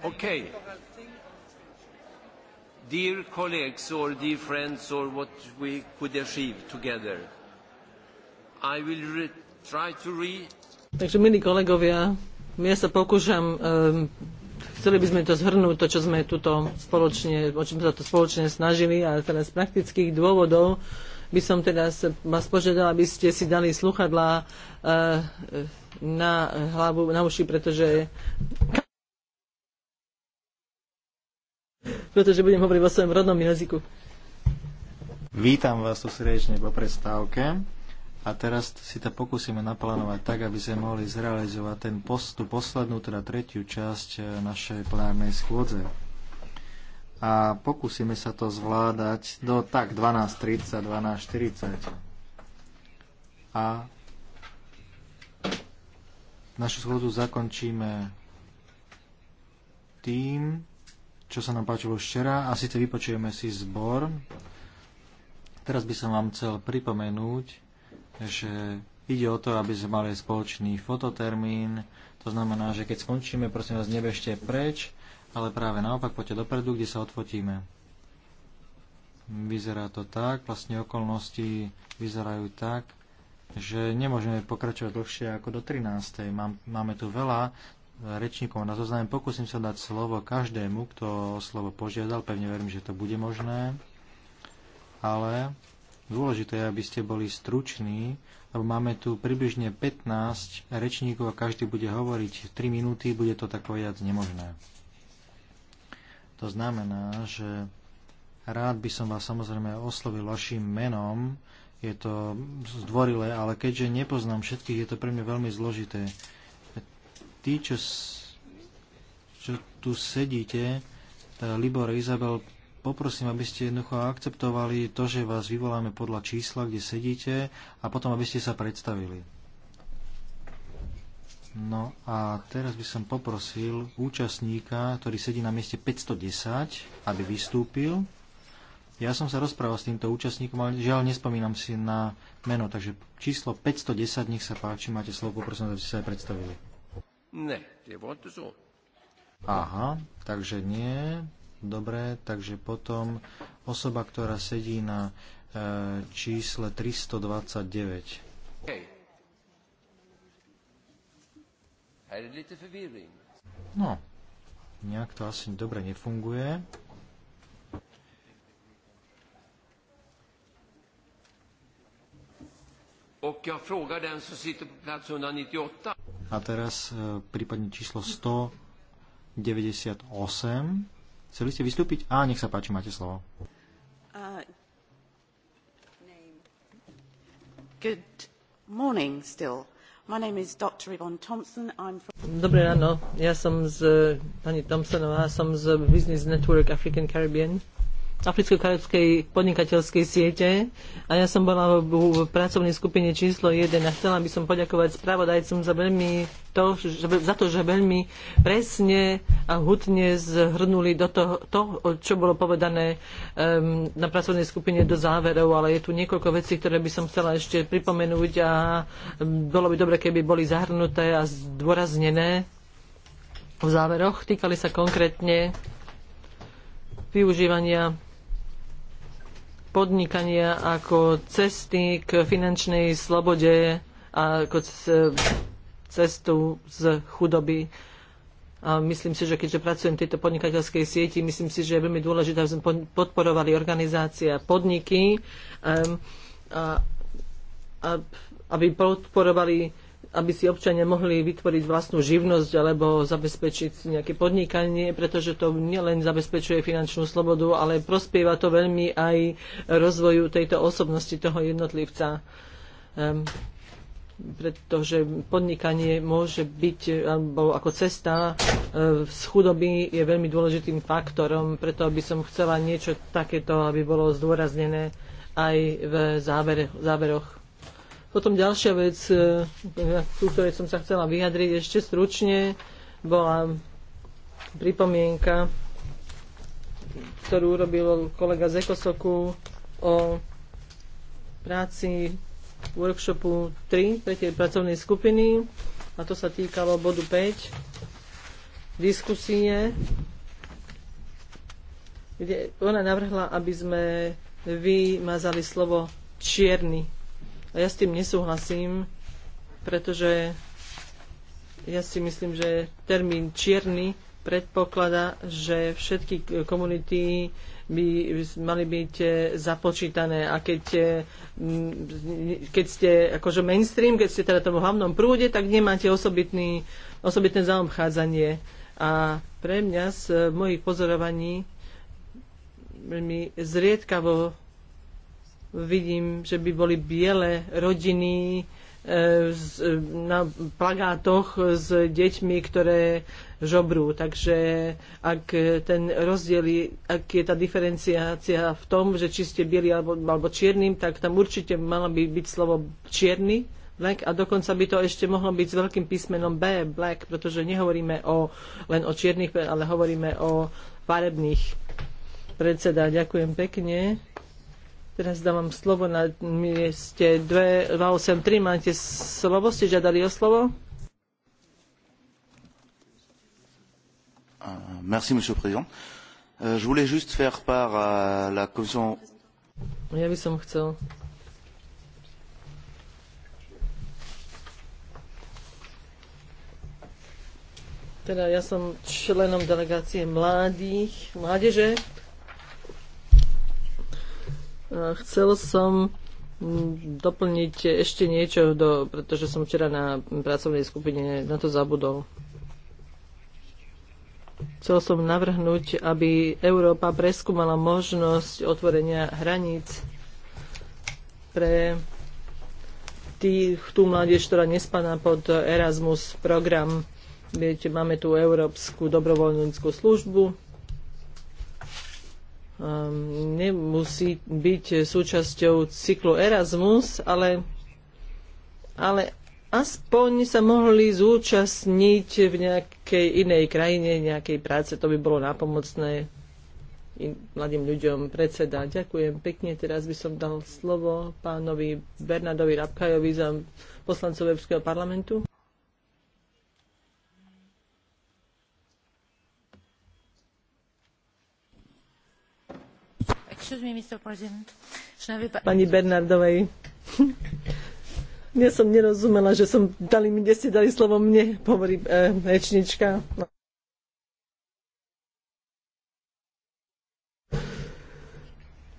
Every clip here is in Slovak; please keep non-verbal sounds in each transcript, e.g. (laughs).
Okay. Dear colleagues or dear friends or what we could achieve together, I will re try to read. Takže milí kolegovia, ja sa pokúšam, um, chceli by sme to zhrnúť, to, čo sme tuto spoločne, o čom sa to spoločne snažili, a teraz z praktických dôvodov by som teda vás požiadal, aby ste si dali sluchadlá uh, na hlavu, na uši, pretože pretože budem hovoriť vo svojom rodnom jazyku. Vítam vás tu srdečne po prestávke a teraz si to pokúsime naplánovať tak, aby sme mohli zrealizovať ten post, tú poslednú, teda tretiu časť e, našej plenárnej schôdze. A pokúsime sa to zvládať do tak 12.30, 12.40. A našu schôdzu zakončíme tým, čo sa nám páčilo včera a síce vypočujeme si zbor. Teraz by som vám chcel pripomenúť, že ide o to, aby sme mali spoločný fototermín. To znamená, že keď skončíme, prosím vás, nebežte preč, ale práve naopak poďte dopredu, kde sa odfotíme. Vyzerá to tak, vlastne okolnosti vyzerajú tak, že nemôžeme pokračovať dlhšie ako do 13. Mám, máme tu veľa rečníkov na zozname. Pokúsim sa dať slovo každému, kto o slovo požiadal. Pevne verím, že to bude možné. Ale dôležité je, aby ste boli struční, lebo máme tu približne 15 rečníkov a každý bude hovoriť 3 minúty, bude to tak povedať nemožné. To znamená, že rád by som vás samozrejme oslovil vašim menom, je to zdvorilé, ale keďže nepoznám všetkých, je to pre mňa veľmi zložité tí, čo, čo tu sedíte, Libor a Izabel, poprosím, aby ste jednoducho akceptovali to, že vás vyvoláme podľa čísla, kde sedíte a potom, aby ste sa predstavili. No a teraz by som poprosil účastníka, ktorý sedí na mieste 510, aby vystúpil. Ja som sa rozprával s týmto účastníkom, ale žiaľ nespomínam si na meno, takže číslo 510, nech sa páči, máte slovo, poprosím, aby ste sa aj predstavili. Ne, det var so. Aha, takže nie. Dobre, takže potom osoba, ktorá sedí na e, čísle 329. Okay. No, nejak to asi dobre nefunguje. A teraz e, prípadne číslo 198. Chceli ste vystúpiť? Á, nech sa páči, máte slovo. Uh, good morning still. My name is Dr. Yvonne Thompson. I'm from... Dobré ráno, ja som z pani Thompsonová, som z Business Network African Caribbean africko-karibskej podnikateľskej siete a ja som bola v pracovnej skupine číslo 1 a chcela by som poďakovať spravodajcom za veľmi to, že, za to, že veľmi presne a hutne zhrnuli do toho, to, čo bolo povedané um, na pracovnej skupine do záverov, ale je tu niekoľko vecí, ktoré by som chcela ešte pripomenúť a bolo by dobre, keby boli zahrnuté a zdôraznené v záveroch. Týkali sa konkrétne využívania podnikania ako cesty k finančnej slobode a ako e, cestu z chudoby. A myslím si, že keďže pracujem v tejto podnikateľskej sieti, myslím si, že je veľmi dôležité, aby sme podporovali organizácie a podniky, a, a, aby podporovali aby si občania mohli vytvoriť vlastnú živnosť alebo zabezpečiť nejaké podnikanie, pretože to nielen zabezpečuje finančnú slobodu, ale prospieva to veľmi aj rozvoju tejto osobnosti toho jednotlivca. Um, pretože podnikanie môže byť, alebo ako cesta e, z chudoby je veľmi dôležitým faktorom, preto by som chcela niečo takéto, aby bolo zdôraznené aj v závere, záveroch potom ďalšia vec, e, ku ktorej som sa chcela vyjadriť ešte stručne, bola pripomienka, ktorú urobil kolega z Ekosoku o práci workshopu 3, tretej pracovnej skupiny, a to sa týkalo bodu 5, diskusie, kde ona navrhla, aby sme vymazali slovo čierny a ja s tým nesúhlasím, pretože ja si myslím, že termín čierny predpokladá, že všetky komunity by mali byť započítané. A keď, mm, keď ste akože mainstream, keď ste teda tomu hlavnom prúde, tak nemáte osobitný, osobitné zaobchádzanie. A pre mňa z mojich pozorovaní mi zriedkavo Vidím, že by boli biele rodiny e, e, na plagátoch s deťmi, ktoré žobrú. Takže ak ten rozdiel, je, ak je tá diferenciácia v tom, že či ste bieli alebo, alebo čiernym, tak tam určite malo by byť slovo čierny, black a dokonca by to ešte mohlo byť s veľkým písmenom B, black, pretože nehovoríme o, len o čiernych, ale hovoríme o farebných. Predseda, ďakujem pekne. Teraz dávam slovo na mieste 283. Máte slovo? Ste žiadali o slovo? Ah, merci, monsieur le président. Euh, je voulais juste faire part à la commission. Ja by som chcel Teda ja som členom delegácie mladých, mládeže Chcel som mm, doplniť ešte niečo, do, pretože som včera na pracovnej skupine na to zabudol. Chcel som navrhnúť, aby Európa preskúmala možnosť otvorenia hraníc pre tých, tú mládež, ktorá nespadá pod Erasmus program. Viete, máme tu Európsku dobrovoľníckú službu, Ehm, nemusí byť súčasťou cyklu Erasmus, ale, ale aspoň sa mohli zúčastniť v nejakej inej krajine, nejakej práce. To by bolo napomocné mladým ľuďom predseda. Ďakujem pekne. Teraz by som dal slovo pánovi Bernardovi Rabkajovi za poslancov Európskeho parlamentu. Pani Bernardovej. Ja som nerozumela, že som dali, kde ste dali slovo mne, hovorí rečníčka. Eh, rečnička.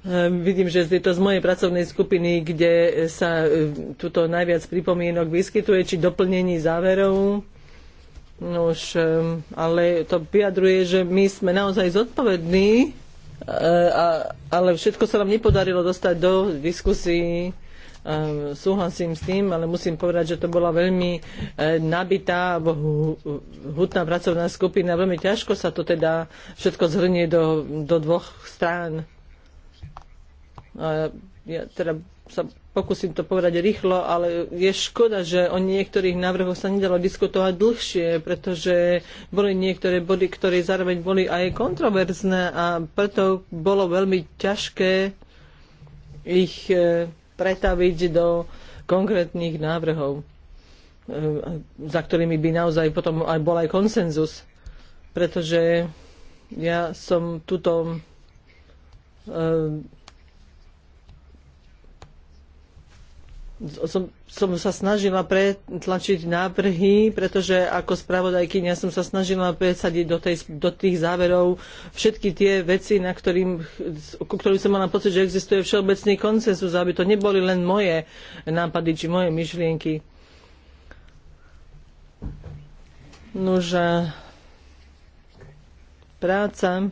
Eh, vidím, že je to z mojej pracovnej skupiny, kde sa eh, tuto najviac pripomienok vyskytuje, či doplnení záverov. Nož, ale to vyjadruje, že my sme naozaj zodpovední E, a, ale všetko sa nám nepodarilo dostať do diskusí. E, súhlasím s tým, ale musím povedať, že to bola veľmi e, nabitá, hutná pracovná skupina. Veľmi ťažko sa to teda všetko zhrnie do, do dvoch strán. A ja teda sa pokúsim to povedať rýchlo, ale je škoda, že o niektorých návrhoch sa nedalo diskutovať dlhšie, pretože boli niektoré body, ktoré zároveň boli aj kontroverzné a preto bolo veľmi ťažké ich e, pretaviť do konkrétnych návrhov, e, za ktorými by naozaj potom aj bol aj konsenzus. Pretože ja som tuto e, som, som sa snažila pretlačiť návrhy, pretože ako spravodajkynia som sa snažila presadiť do, tej, do tých záverov všetky tie veci, na ktorým, ku ktorým som mala pocit, že existuje všeobecný konsensus, aby to neboli len moje nápady či moje myšlienky. Nože práca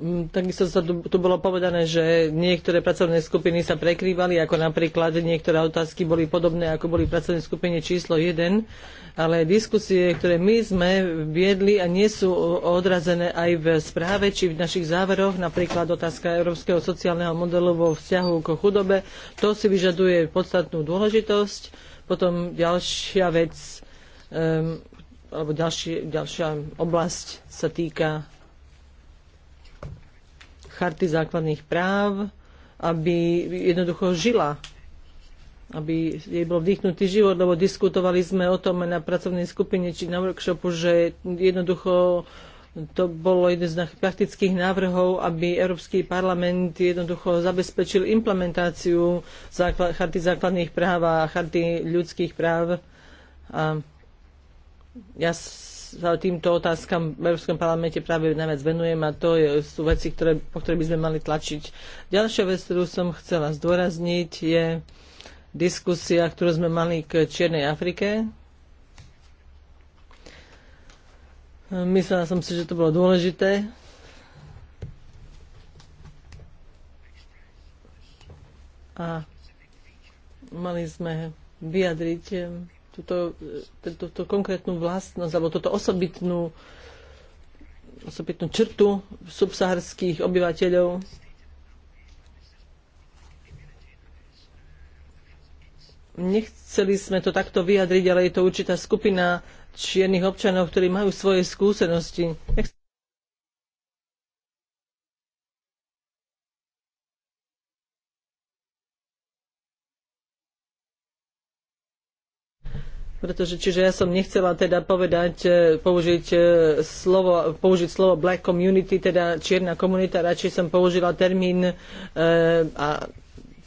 Mm, takisto sa tu, tu bolo povedané, že niektoré pracovné skupiny sa prekrývali, ako napríklad niektoré otázky boli podobné, ako boli pracovné skupiny skupine číslo 1, ale diskusie, ktoré my sme viedli a nie sú odrazené aj v správe či v našich záveroch, napríklad otázka európskeho sociálneho modelu vo vzťahu k chudobe, to si vyžaduje podstatnú dôležitosť. Potom ďalšia vec, um, alebo ďalšie, ďalšia oblasť sa týka charty základných práv, aby jednoducho žila aby jej bol vdýchnutý život, lebo diskutovali sme o tom na pracovnej skupine či na workshopu, že jednoducho to bolo jeden z praktických návrhov, aby Európsky parlament jednoducho zabezpečil implementáciu základ, charty základných práv a charty ľudských práv. A ja sa týmto otázkam v Európskom parlamente práve najviac venujem a to je, sú veci, ktoré, po ktoré by sme mali tlačiť. Ďalšia vec, ktorú som chcela zdôrazniť, je diskusia, ktorú sme mali k Čiernej Afrike. Myslela som si, že to bolo dôležité, a mali sme vyjadriť túto, e, túto konkrétnu vlastnosť alebo túto osobitnú, osobitnú črtu subsaharských obyvateľov. Nechceli sme to takto vyjadriť, ale je to určitá skupina čiernych občanov, ktorí majú svoje skúsenosti. Nechceli pretože čiže ja som nechcela teda povedať, e, použiť e, slovo, použiť slovo black community, teda čierna komunita, radšej som použila termín e, a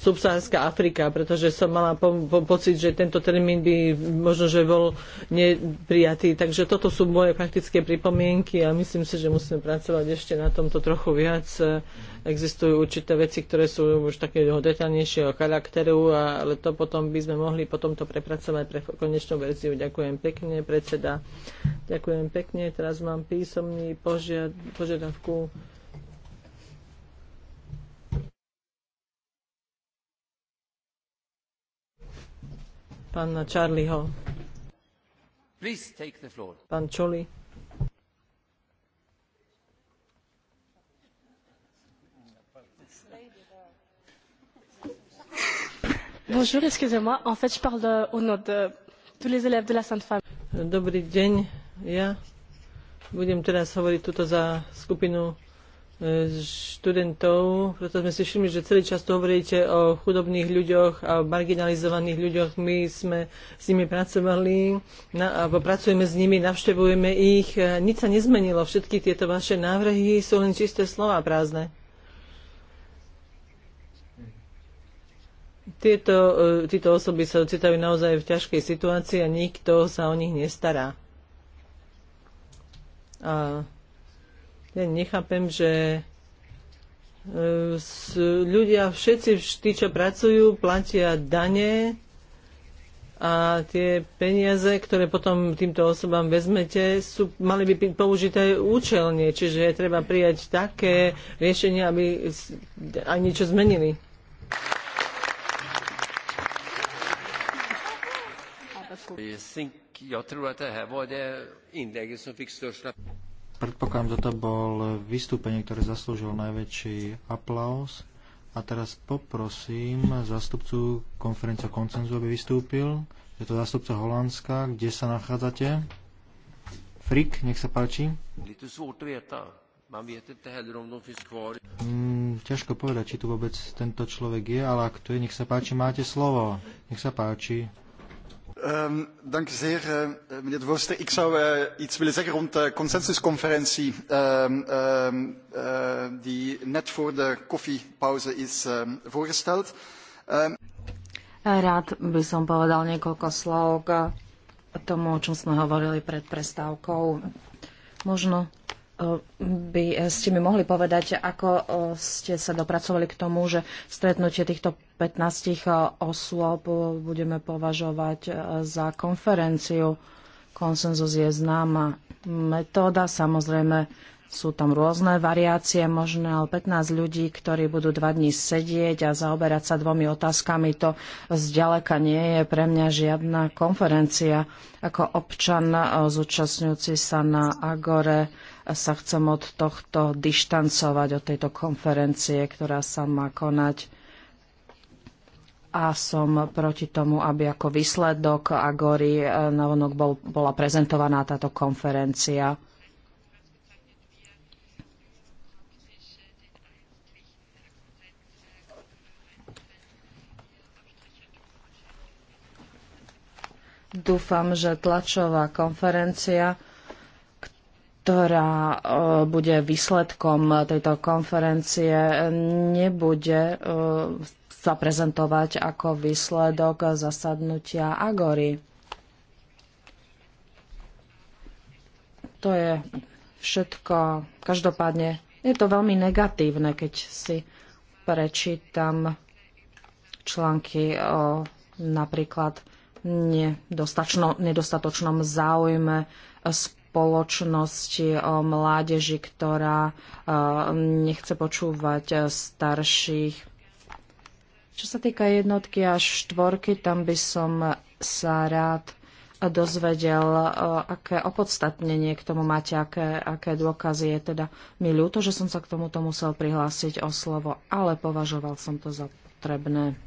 subsahárska Afrika, pretože som mala po, po, pocit, že tento termín by možno, že bol neprijatý. Takže toto sú moje praktické pripomienky a myslím si, že musíme pracovať ešte na tomto trochu viac. Existujú určité veci, ktoré sú už takého detaľnejšieho charakteru, ale to potom by sme mohli potom to prepracovať pre konečnú verziu. Ďakujem pekne, predseda. Ďakujem pekne. Teraz mám písomný požiadavku pána Charlieho. Pán Čoli. Bonjour, excusez-moi. En fait, je parle au nom de tous les élèves de la Sainte Femme. Dobrý deň. Ja budem teraz hovoriť tuto za skupinu E, študentov, preto sme si všimli, že celý čas tu hovoríte o chudobných ľuďoch a marginalizovaných ľuďoch. My sme s nimi pracovali, na, alebo pracujeme s nimi, navštevujeme ich. E, nič sa nezmenilo. Všetky tieto vaše návrhy sú len čisté slova prázdne. Tieto, e, títo osoby sa ocitajú naozaj v ťažkej situácii a nikto sa o nich nestará. A ja nechápem, že e, ľudia, všetci tí, čo pracujú, platia dane a tie peniaze, ktoré potom týmto osobám vezmete, sú, mali by byť použité účelne, čiže je treba prijať také riešenia, aby aj niečo zmenili. Ja, Predpokladám, toto bol vystúpenie, ktoré zaslúžil najväčší aplaus. A teraz poprosím zástupcu konferencia koncenzu, aby vystúpil. Je to zástupca Holandska. Kde sa nachádzate? Frik, nech sa páči. Mm, ťažko povedať, či tu vôbec tento človek je, ale ak tu je, nech sa páči, máte slovo. Nech sa páči. Um, dank u zeer, uh, meneer de voorzitter. Ik zou uh, iets willen zeggen rond de consensusconferentie um, um, uh, die net voor de koffiepauze is um, voorgesteld. Um... Rád by som povedal niekoľko slov k tomu, o čom sme hovorili pred prestávkou. Možno by ste mi mohli povedať, ako eh, ste sa dopracovali k tomu, že stretnutie týchto 15 eh, osôb budeme považovať eh, za konferenciu. Konsenzus je známa metóda, samozrejme sú tam rôzne variácie možno ale 15 ľudí, ktorí budú dva dní sedieť a zaoberať sa dvomi otázkami, to zďaleka nie je pre mňa žiadna konferencia. Ako občan zúčastňujúci sa na Agore sa chcem od tohto dištancovať, od tejto konferencie, ktorá sa má konať a som proti tomu, aby ako výsledok Agory e, navonok bol, bola prezentovaná táto konferencia. Dúfam, že tlačová konferencia ktorá e, bude výsledkom tejto konferencie, nebude e, sa prezentovať ako výsledok zasadnutia Agory. To je všetko. Každopádne je to veľmi negatívne, keď si prečítam články o napríklad nedostatočnom záujme spoločnosti spoločnosti, o mládeži, ktorá e, nechce počúvať e, starších. Čo sa týka jednotky a štvorky, tam by som sa rád dozvedel, e, aké opodstatnenie k tomu máte, aké, aké dôkazy je. Teda mi ľúto, že som sa k tomuto musel prihlásiť o slovo, ale považoval som to za potrebné.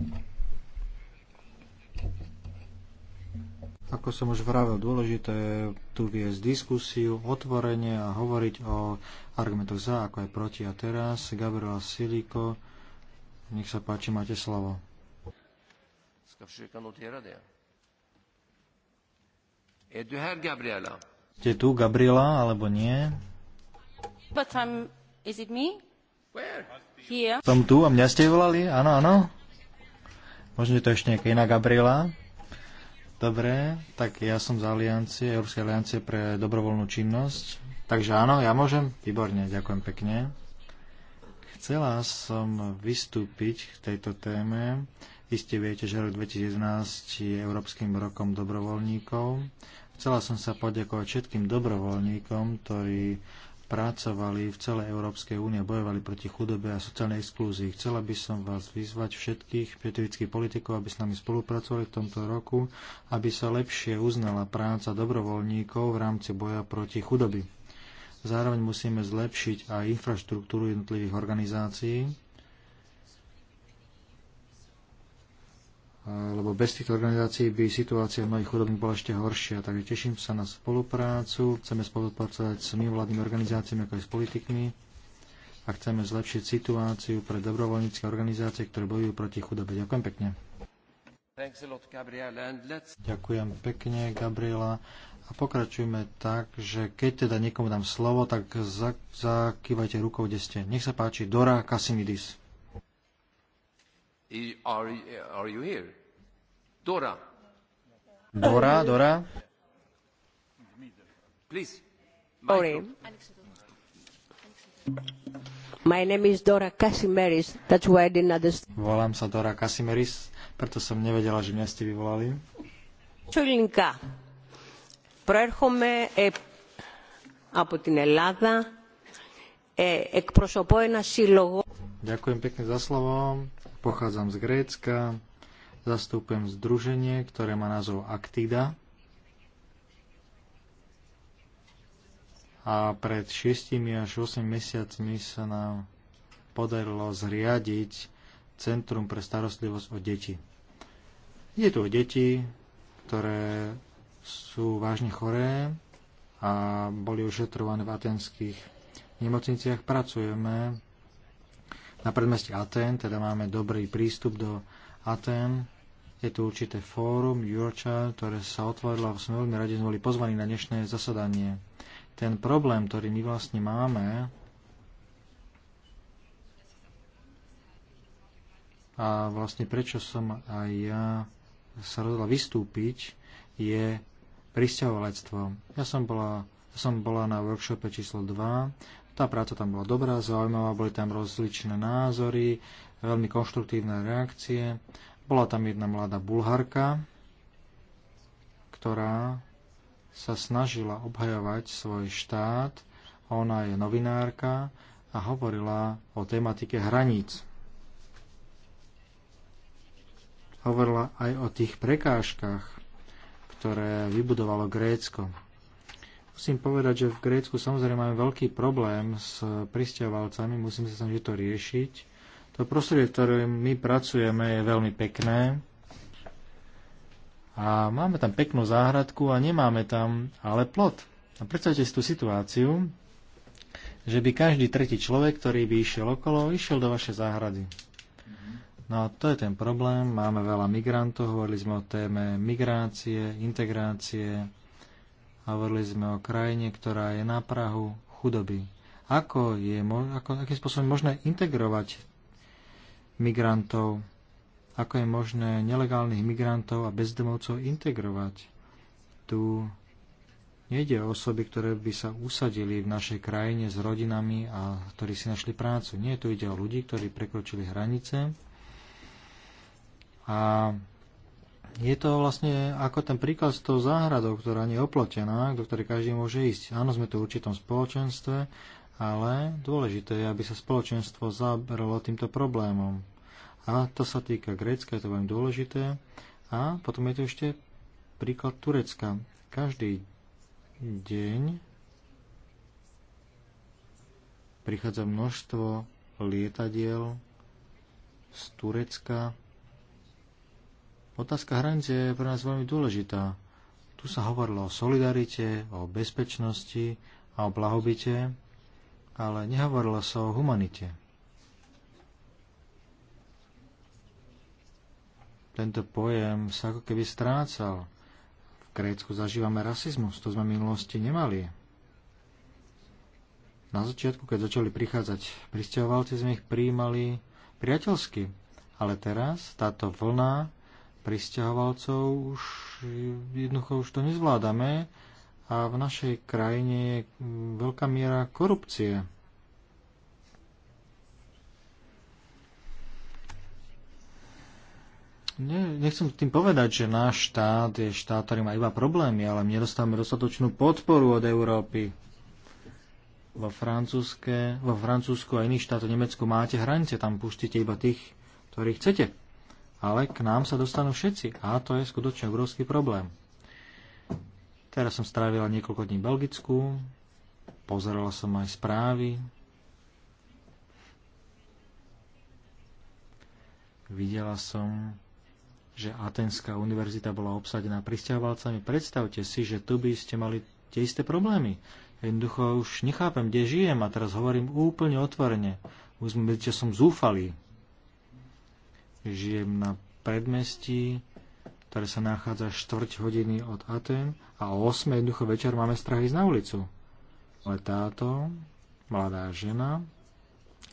Ako som už vravel, dôležité je tu viesť diskusiu, otvorenie a hovoriť o argumentoch za, ako aj proti. A teraz Gabriel Siliko, nech sa páči, máte slovo. Ste tu, Gabriela, alebo nie? But I'm, is it me? Where? Here. Som tu a mňa ste volali? Áno, áno. Možno je to ešte nejaká iná Gabriela. Dobre, tak ja som z aliancie, Európskej aliancie pre dobrovoľnú činnosť. Takže áno, ja môžem? Výborne, ďakujem pekne. Chcela som vystúpiť k tejto téme. Iste viete, že rok 2011 je Európskym rokom dobrovoľníkov. Chcela som sa poďakovať všetkým dobrovoľníkom, ktorí pracovali v celej Európskej únie, bojovali proti chudobe a sociálnej exklúzii. Chcela by som vás vyzvať všetkých petrických politikov, aby s nami spolupracovali v tomto roku, aby sa lepšie uznala práca dobrovoľníkov v rámci boja proti chudoby. Zároveň musíme zlepšiť aj infraštruktúru jednotlivých organizácií, lebo bez týchto organizácií by situácia mnohých chudobných bola ešte horšia. Takže teším sa na spoluprácu, chceme spolupracovať s mimovládnymi organizáciami ako aj s politikmi a chceme zlepšiť situáciu pre dobrovoľnícke organizácie, ktoré bojujú proti chudobe. Ďakujem pekne. Ďakujem pekne, Gabriela. A pokračujeme tak, že keď teda niekomu dám slovo, tak zakývajte rukou, kde ste. Nech sa páči, Dora Kasimidis. Are, are you here? Dora. Dora, Dora. Please. Sorry. My name is Dora Kasimeris. That's why I didn't understand. Volám sa Dora Kasimeris, preto som nevedela, že mňa ste vyvolali. Čulinka. Προέρχομαι ε, από την Ελλάδα. Ε, εκπροσωπώ ένα σύλλογο. Ďakujem pekne za slovo pochádzam z Grécka, zastúpim združenie, ktoré má názov Aktida. A pred 6 až 8 mesiacmi sa nám podarilo zriadiť Centrum pre starostlivosť o deti. Je tu o deti, ktoré sú vážne choré a boli ošetrované v atenských nemocniciach. Pracujeme na predmestí Aten, teda máme dobrý prístup do Aten. Je tu určité fórum Jurča, ktoré sa otvorilo a sme veľmi radi, sme boli pozvaní na dnešné zasadanie. Ten problém, ktorý my vlastne máme, a vlastne prečo som aj ja sa rozhodla vystúpiť, je pristahovalectvo. Ja som bola, ja som bola na workshope číslo 2 tá práca tam bola dobrá, zaujímavá, boli tam rozličné názory, veľmi konštruktívne reakcie. Bola tam jedna mladá bulharka, ktorá sa snažila obhajovať svoj štát. Ona je novinárka a hovorila o tematike hraníc. Hovorila aj o tých prekážkach, ktoré vybudovalo Grécko. Musím povedať, že v Grécku samozrejme máme veľký problém s pristiavalcami, musíme sa snažiť to riešiť. To prostredie, v ktorom my pracujeme, je veľmi pekné. A máme tam peknú záhradku a nemáme tam ale plot. A predstavte si tú situáciu, že by každý tretí človek, ktorý by išiel okolo, išiel do vašej záhrady. No a to je ten problém. Máme veľa migrantov, hovorili sme o téme migrácie, integrácie, Hovorili sme o krajine, ktorá je na Prahu chudoby. Ako je, ako, akým spôsobom je možné integrovať migrantov? Ako je možné nelegálnych migrantov a bezdomovcov integrovať? Tu Nejde o osoby, ktoré by sa usadili v našej krajine s rodinami a ktorí si našli prácu. Nie, tu ide o ľudí, ktorí prekročili hranice a je to vlastne ako ten príklad s tou záhradou, ktorá nie je oplotená, do ktorej každý môže ísť. Áno, sme tu v určitom spoločenstve, ale dôležité je, aby sa spoločenstvo zaberalo týmto problémom. A to sa týka Grécka, je to veľmi dôležité. A potom je tu ešte príklad Turecka. Každý deň prichádza množstvo lietadiel z Turecka Otázka hranice je pre nás veľmi dôležitá. Tu sa hovorilo o solidarite, o bezpečnosti a o blahobite, ale nehovorilo sa o humanite. Tento pojem sa ako keby strácal. V Grécku zažívame rasizmus, to sme v minulosti nemali. Na začiatku, keď začali prichádzať pristahovalci, sme ich prijímali priateľsky. Ale teraz táto vlna pristahovalcov, už jednoducho už to nezvládame a v našej krajine je mm, veľká miera korupcie. Ne, nechcem tým povedať, že náš štát je štát, ktorý má iba problémy, ale my nedostávame dostatočnú podporu od Európy. Vo, vo Francúzsku a iných štátoch Nemecku máte hranice, tam pustíte iba tých, ktorých chcete ale k nám sa dostanú všetci a to je skutočne obrovský problém. Teraz som strávila niekoľko dní v Belgicku, pozerala som aj správy, videla som, že Atenská univerzita bola obsadená pristahovalcami. Predstavte si, že tu by ste mali tie isté problémy. Jednoducho už nechápem, kde žijem a teraz hovorím úplne otvorene. Už som zúfalý. Žijem na predmestí, ktoré sa nachádza 4 hodiny od Aten a o 8 jednoducho večer máme strach ísť na ulicu. Ale táto mladá žena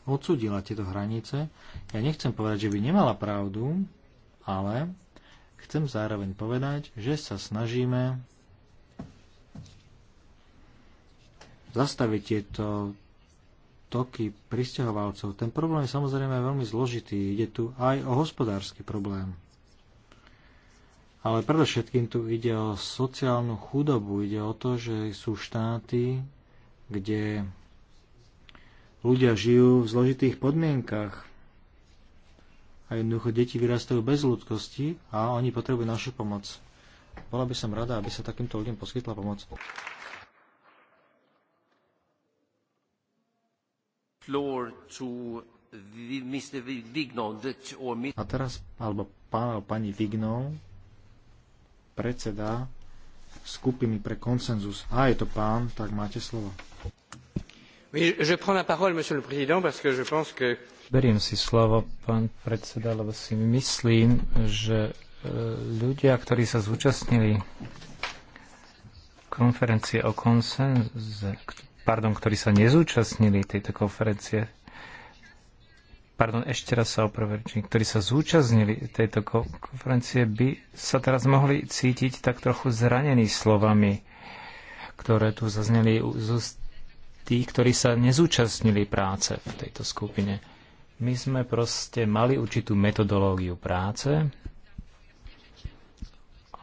odsudila tieto hranice. Ja nechcem povedať, že by nemala pravdu, ale chcem zároveň povedať, že sa snažíme zastaviť tieto toky pristahovalcov. Ten problém je samozrejme veľmi zložitý. Ide tu aj o hospodársky problém. Ale predovšetkým tu ide o sociálnu chudobu. Ide o to, že sú štáty, kde ľudia žijú v zložitých podmienkach. A jednoducho deti vyrastajú bez ľudkosti a oni potrebujú našu pomoc. Bola by som rada, aby sa takýmto ľuďom poskytla pomoc. A teraz, alebo pán alebo pani Vignov, predseda skupiny pre konsenzus. A je to pán, tak máte slovo. Oui, je prends la parole, monsieur le président, parce que je pense que... Beriem si slovo, pán predseda, lebo si myslím, že e, ľudia, ktorí sa zúčastnili konferencie o konsenze, pardon, ktorí sa nezúčastnili tejto konferencie, pardon, ešte raz sa opravedčím, ktorí sa zúčastnili tejto konferencie, by sa teraz mohli cítiť tak trochu zranení slovami, ktoré tu zazneli z tých, ktorí sa nezúčastnili práce v tejto skupine. My sme proste mali určitú metodológiu práce,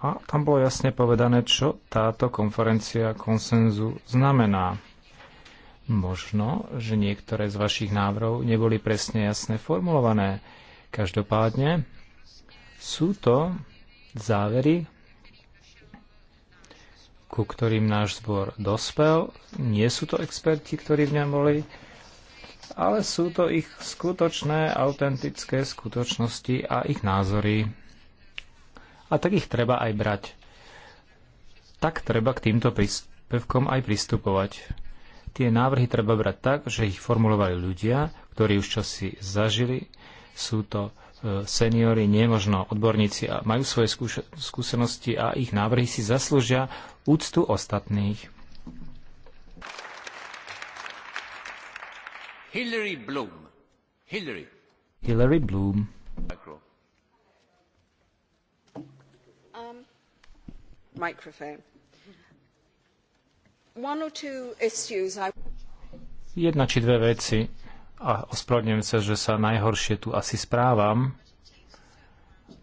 a tam bolo jasne povedané, čo táto konferencia konsenzu znamená. Možno, že niektoré z vašich návrhov neboli presne jasne formulované. Každopádne sú to závery, ku ktorým náš zbor dospel. Nie sú to experti, ktorí v ňom boli, ale sú to ich skutočné, autentické skutočnosti a ich názory. A tak ich treba aj brať. Tak treba k týmto príspevkom aj pristupovať. Tie návrhy treba brať tak, že ich formulovali ľudia, ktorí už čosi zažili. Sú to e, seniory, nemožno odborníci a majú svoje skúsenosti a ich návrhy si zaslúžia úctu ostatných. Hillary Bloom. Hillary. Hillary Bloom. Micro. Um, microphone. Jedna či dve veci a ospravedlňujem sa, že sa najhoršie tu asi správam,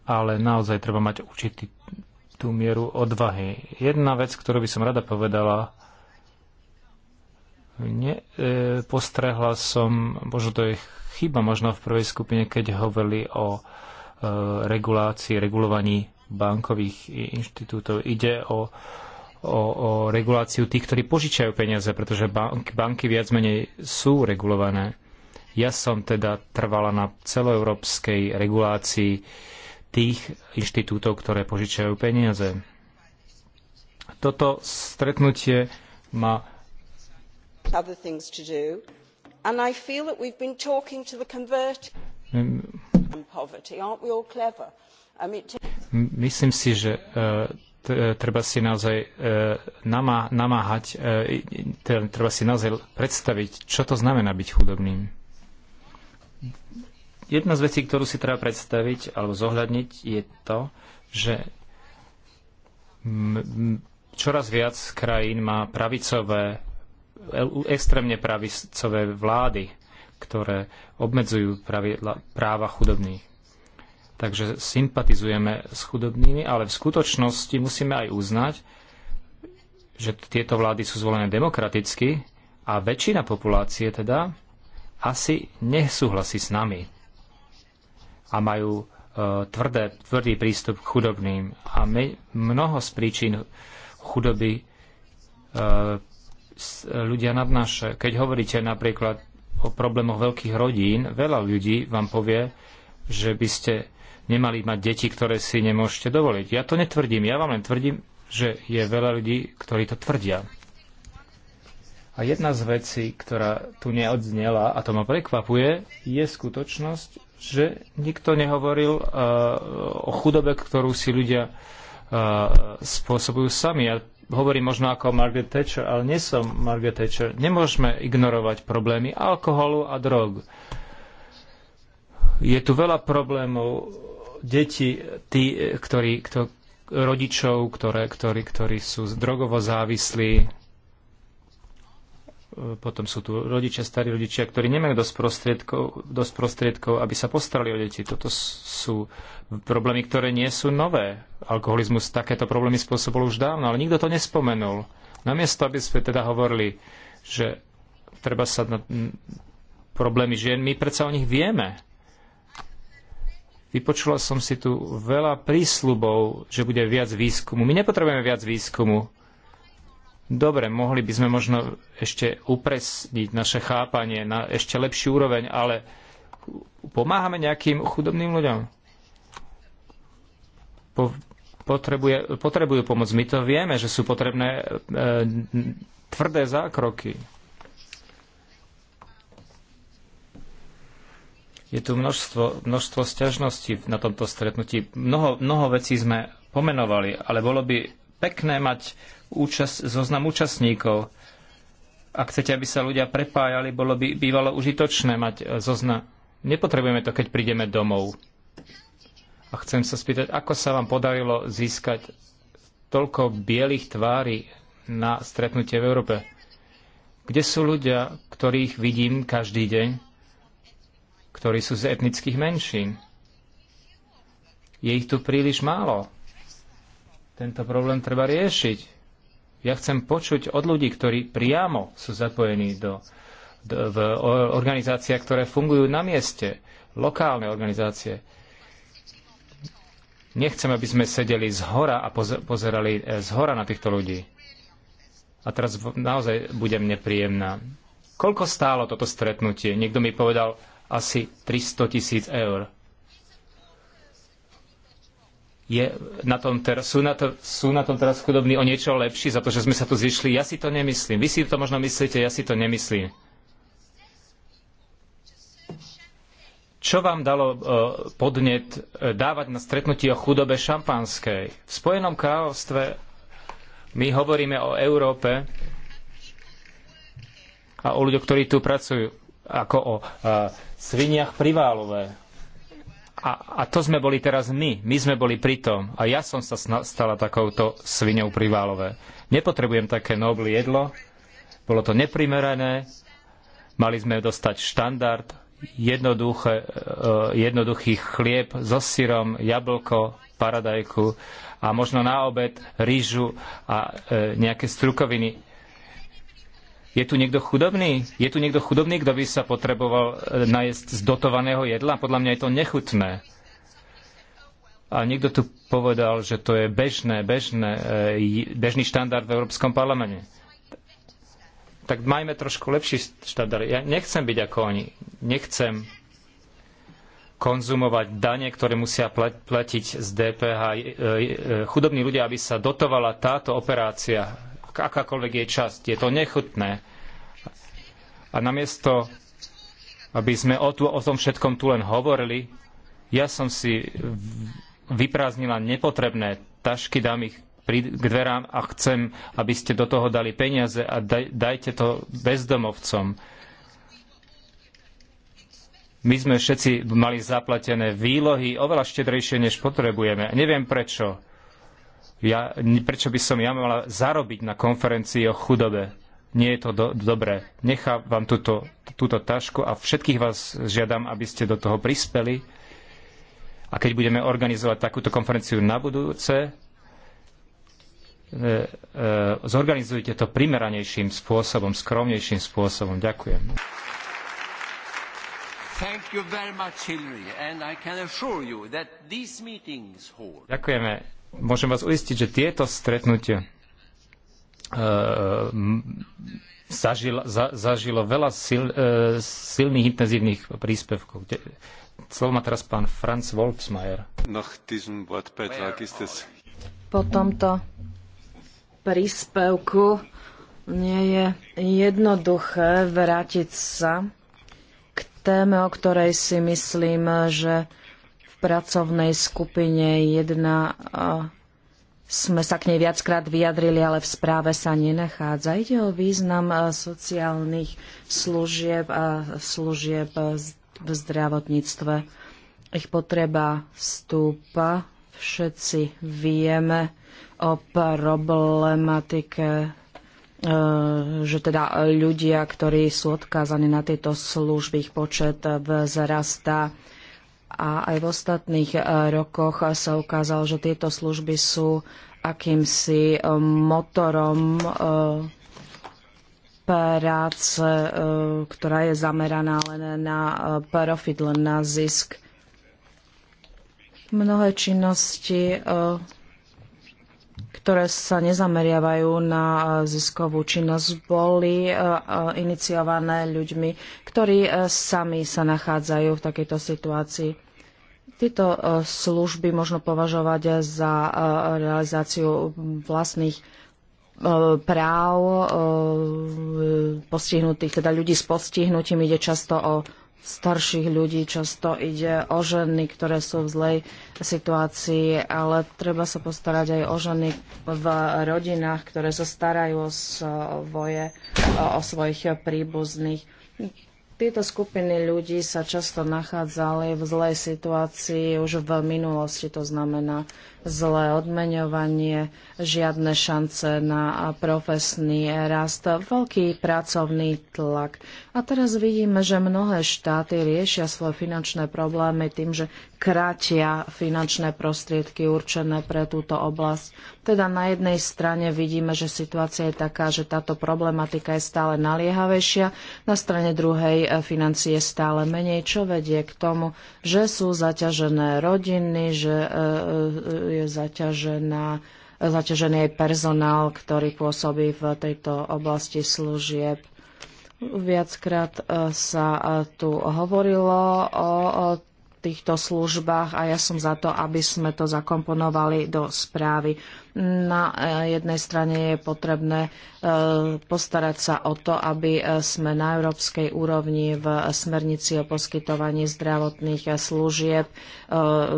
ale naozaj treba mať určitý tú mieru odvahy. Jedna vec, ktorú by som rada povedala, ne, e, postrehla som, možno to je chyba, možno v prvej skupine, keď hovorili o e, regulácii, regulovaní bankových inštitútov. Ide o e, o, o reguláciu tých, ktorí požičajú peniaze, pretože banky, banky viac menej sú regulované. Ja som teda trvala na celoeurópskej regulácii tých inštitútov, ktoré požičajú peniaze. Toto stretnutie má. Myslím si, že eh, E, treba si naozaj e, namáhať, e, treba si naozaj predstaviť, čo to znamená byť chudobným. Jedna z vecí, ktorú si treba predstaviť alebo zohľadniť, je to, že čoraz viac krajín má pravicové, extrémne pravicové vlády, ktoré obmedzujú práva chudobných. Takže sympatizujeme s chudobnými, ale v skutočnosti musíme aj uznať, že tieto vlády sú zvolené demokraticky a väčšina populácie teda asi nesúhlasí s nami a majú e, tvrdé, tvrdý prístup k chudobným. A my, mnoho z príčin chudoby e, s, ľudia nadnáša. Keď hovoríte napríklad o problémoch veľkých rodín, veľa ľudí vám povie, že by ste nemali mať deti, ktoré si nemôžete dovoliť. Ja to netvrdím, ja vám len tvrdím, že je veľa ľudí, ktorí to tvrdia. A jedna z vecí, ktorá tu neodznela, a to ma prekvapuje, je skutočnosť, že nikto nehovoril uh, o chudobe, ktorú si ľudia uh, spôsobujú sami. Ja hovorím možno ako Margaret Thatcher, ale nie som Margaret Thatcher. Nemôžeme ignorovať problémy alkoholu a drog. Je tu veľa problémov deti, tí, ktorí, kto, rodičov, ktoré, ktorí, ktorí sú drogovo závislí, potom sú tu rodičia, starí rodičia, ktorí nemajú dosť prostriedkov, dosť prostriedkov, aby sa postarali o deti. Toto sú problémy, ktoré nie sú nové. Alkoholizmus takéto problémy spôsobil už dávno, ale nikto to nespomenul. Namiesto, aby sme teda hovorili, že treba sa na problémy žien, my predsa o nich vieme. Vypočula som si tu veľa prísľubov, že bude viac výskumu. My nepotrebujeme viac výskumu. Dobre, mohli by sme možno ešte upresniť naše chápanie na ešte lepší úroveň, ale pomáhame nejakým chudobným ľuďom. Po, potrebuje, potrebujú pomoc. My to vieme, že sú potrebné e, tvrdé zákroky. Je tu množstvo, množstvo stiažností na tomto stretnutí. Mnoho, mnoho vecí sme pomenovali, ale bolo by pekné mať účast, zoznam účastníkov. Ak chcete, aby sa ľudia prepájali, bolo by bývalo užitočné mať e, zoznam. Nepotrebujeme to, keď prídeme domov. A chcem sa spýtať, ako sa vám podarilo získať toľko bielých tvári na stretnutie v Európe? Kde sú ľudia, ktorých vidím každý deň? ktorí sú z etnických menšín. Je ich tu príliš málo. Tento problém treba riešiť. Ja chcem počuť od ľudí, ktorí priamo sú zapojení do, do, v organizáciách, ktoré fungujú na mieste, lokálne organizácie. Nechcem, aby sme sedeli z hora a pozerali e, z hora na týchto ľudí. A teraz naozaj budem nepríjemná. Koľko stálo toto stretnutie? Niekto mi povedal, asi 300 tisíc eur. Je na tom ter- sú, na to, sú na tom teraz chudobní o niečo lepší za to, že sme sa tu zišli? Ja si to nemyslím. Vy si to možno myslíte, ja si to nemyslím. Čo vám dalo e, podnet e, dávať na stretnutie o chudobe šampanskej? V Spojenom kráľovstve my hovoríme o Európe a o ľuďoch, ktorí tu pracujú ako o sviniach priválové. A, a to sme boli teraz my. My sme boli pritom. A ja som sa stala takouto svinou priválové. Nepotrebujem také noble jedlo. Bolo to neprimerané. Mali sme dostať štandard e, e, jednoduchý chlieb so syrom, jablko, paradajku a možno na obed rýžu a e, nejaké strukoviny. Je tu niekto chudobný? Je tu niekto chudobný, kto by sa potreboval e, najesť z dotovaného jedla? Podľa mňa je to nechutné. A niekto tu povedal, že to je bežné, bežné, e, bežný štandard v Európskom parlamente. Tak majme trošku lepší štandard. Ja nechcem byť ako oni. Nechcem konzumovať dane, ktoré musia platiť z DPH e, chudobní ľudia, aby sa dotovala táto operácia akákoľvek jej časť. Je to nechutné. A namiesto, aby sme o, tu, o tom všetkom tu len hovorili, ja som si vyprázdnila nepotrebné tašky, dám ich k dverám a chcem, aby ste do toho dali peniaze a daj, dajte to bezdomovcom. My sme všetci mali zaplatené výlohy oveľa štedrejšie, než potrebujeme. Neviem prečo. Ja, prečo by som ja mala zarobiť na konferencii o chudobe? Nie je to do, dobré. Nechávam túto, túto tašku a všetkých vás žiadam, aby ste do toho prispeli. A keď budeme organizovať takúto konferenciu na budúce, e, e, zorganizujte to primeranejším spôsobom, skromnejším spôsobom. Ďakujem. Much, Hillary, these meetings... Ďakujeme Môžem vás uistiť, že tieto stretnutia e, zažilo, za, zažilo veľa sil, e, silných, intenzívnych príspevkov. slovo má teraz pán Franz Wolfsmeier. Po tomto príspevku nie je jednoduché vrátiť sa k téme, o ktorej si myslím, že pracovnej skupine 1 sme sa k nej viackrát vyjadrili, ale v správe sa nenachádza. Ide o význam sociálnych služieb a služieb v zdravotníctve. Ich potreba stúpa. Všetci vieme o problematike e, že teda ľudia, ktorí sú odkázaní na tieto služby, ich počet vzrastá a aj v ostatných e, rokoch sa ukázalo, že tieto služby sú akýmsi e, motorom e, práce, ktorá je zameraná len na profit, len na zisk. Mnohé činnosti ktoré sa nezameriavajú na e, ziskovú činnosť, boli e, e, iniciované ľuďmi, ktorí sami sa nachádzajú v takejto situácii. Tieto služby možno považovať za realizáciu vlastných práv postihnutých, teda ľudí s postihnutím ide často o starších ľudí. Často ide o ženy, ktoré sú v zlej situácii, ale treba sa postarať aj o ženy v rodinách, ktoré sa starajú o, svoje, o svojich príbuzných. Tieto skupiny ľudí sa často nachádzali v zlej situácii už v minulosti, to znamená, zlé odmeňovanie, žiadne šance na profesný rast, veľký pracovný tlak. A teraz vidíme, že mnohé štáty riešia svoje finančné problémy tým, že krátia finančné prostriedky určené pre túto oblasť. Teda na jednej strane vidíme, že situácia je taká, že táto problematika je stále naliehavejšia, na strane druhej eh, financie stále menej, čo vedie k tomu, že sú zaťažené rodiny, že eh, eh, je zaťažená zaťažený aj personál, ktorý pôsobí v tejto oblasti služieb. Viackrát eh, sa eh, tu hovorilo o týchto službách a ja som za to, aby sme to zakomponovali do správy. Na eh, jednej strane je potrebné eh, postarať sa o to, aby eh, sme na európskej úrovni v smernici o poskytovaní zdravotných služieb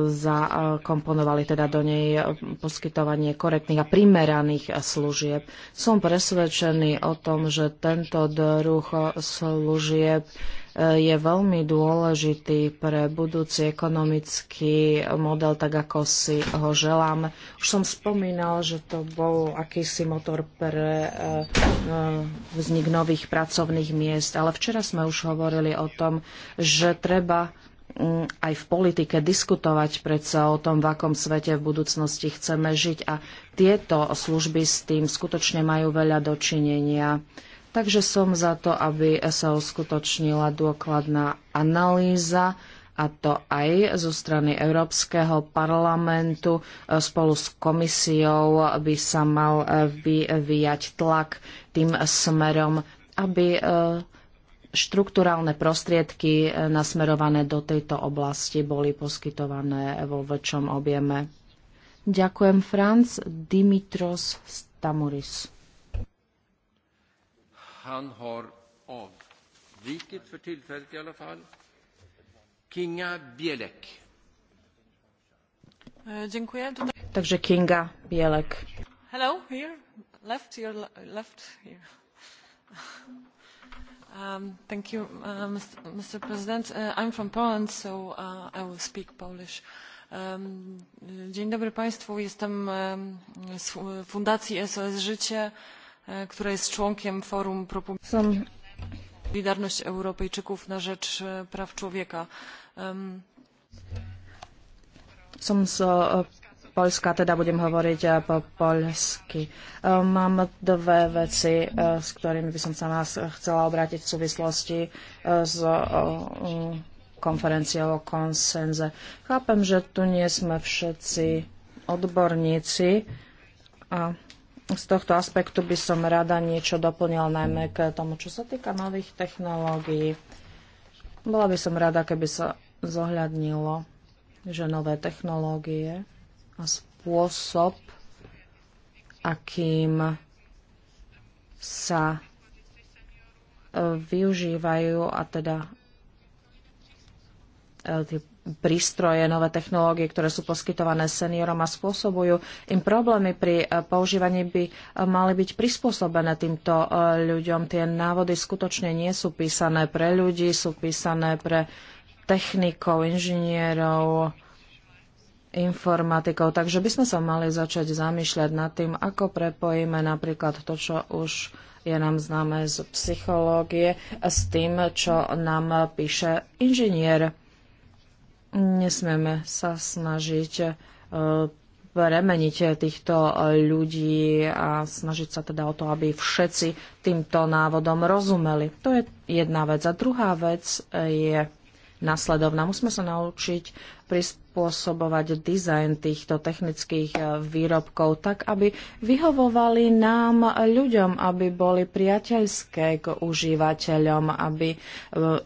zakomponovali teda do nej poskytovanie korektných a primeraných služieb. Som presvedčený o tom, že tento druh služieb je veľmi dôležitý pre budúci ekonomický model, tak ako si ho želám. Už som spomínal, že to bol akýsi motor pre eh, vznik nových pracovných miest, ale včera sme už hovorili o tom, že treba mm, aj v politike diskutovať predsa o tom, v akom svete v budúcnosti chceme žiť a tieto služby s tým skutočne majú veľa dočinenia. Takže som za to, aby sa uskutočnila dôkladná analýza a to aj zo strany Európskeho parlamentu. Spolu s komisiou by sa mal e, vyvíjať tlak tým smerom, aby e, štruktúrálne prostriedky e, nasmerované do tejto oblasti boli poskytované vo väčšom objeme. Ďakujem, Franz Dimitros Tamuris han har avvikit för tillfället i alla fall. Kinga Bielek. Eh, Takže Kinga Bielek. Hello, here, left, here, left, here. Um, thank you, uh, Mr. Mr. President. Uh, I'm from Poland, so uh, I will speak Polish. Um, dzień dobry Państwu. Jestem um, z Fundacji SOS Życie. Uh, E, która jest członkiem forum Solidarność Europejczyków na rzecz e, praw człowieka. Som z e, Polska, teda budem hovoriť po poľsky. Mám dve veci, s ktorými by som sa vás chcela obrátiť v súvislosti s konferenciou o konsenze. Chápem, že tu nie sme všetci odborníci a z tohto aspektu by som rada niečo doplnila, najmä k tomu, čo sa týka nových technológií. Bola by som rada, keby sa zohľadnilo, že nové technológie a spôsob, akým sa e, využívajú a teda e, tie prístroje, nové technológie, ktoré sú poskytované seniorom a spôsobujú im problémy pri e, používaní, by e, mali byť prispôsobené týmto e, ľuďom. Tie návody skutočne nie sú písané pre ľudí, sú písané pre technikov, inžinierov, informatikov. Takže by sme sa mali začať zamýšľať nad tým, ako prepojíme napríklad to, čo už je nám známe z psychológie, s tým, čo nám píše inžinier. Nesmieme sa snažiť e, premeniť týchto ľudí a snažiť sa teda o to, aby všetci týmto návodom rozumeli. To je jedna vec. A druhá vec je nasledovná. Musíme sa naučiť e, prispôsobovať dizajn týchto technických eh, výrobkov tak, aby vyhovovali nám ľuďom, aby boli priateľské k užívateľom, aby eh,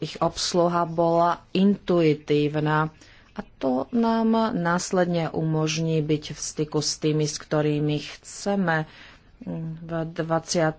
ich obsluha bola intuitívna. A to nám následne umožní byť v styku s tými, s ktorými chceme v 21.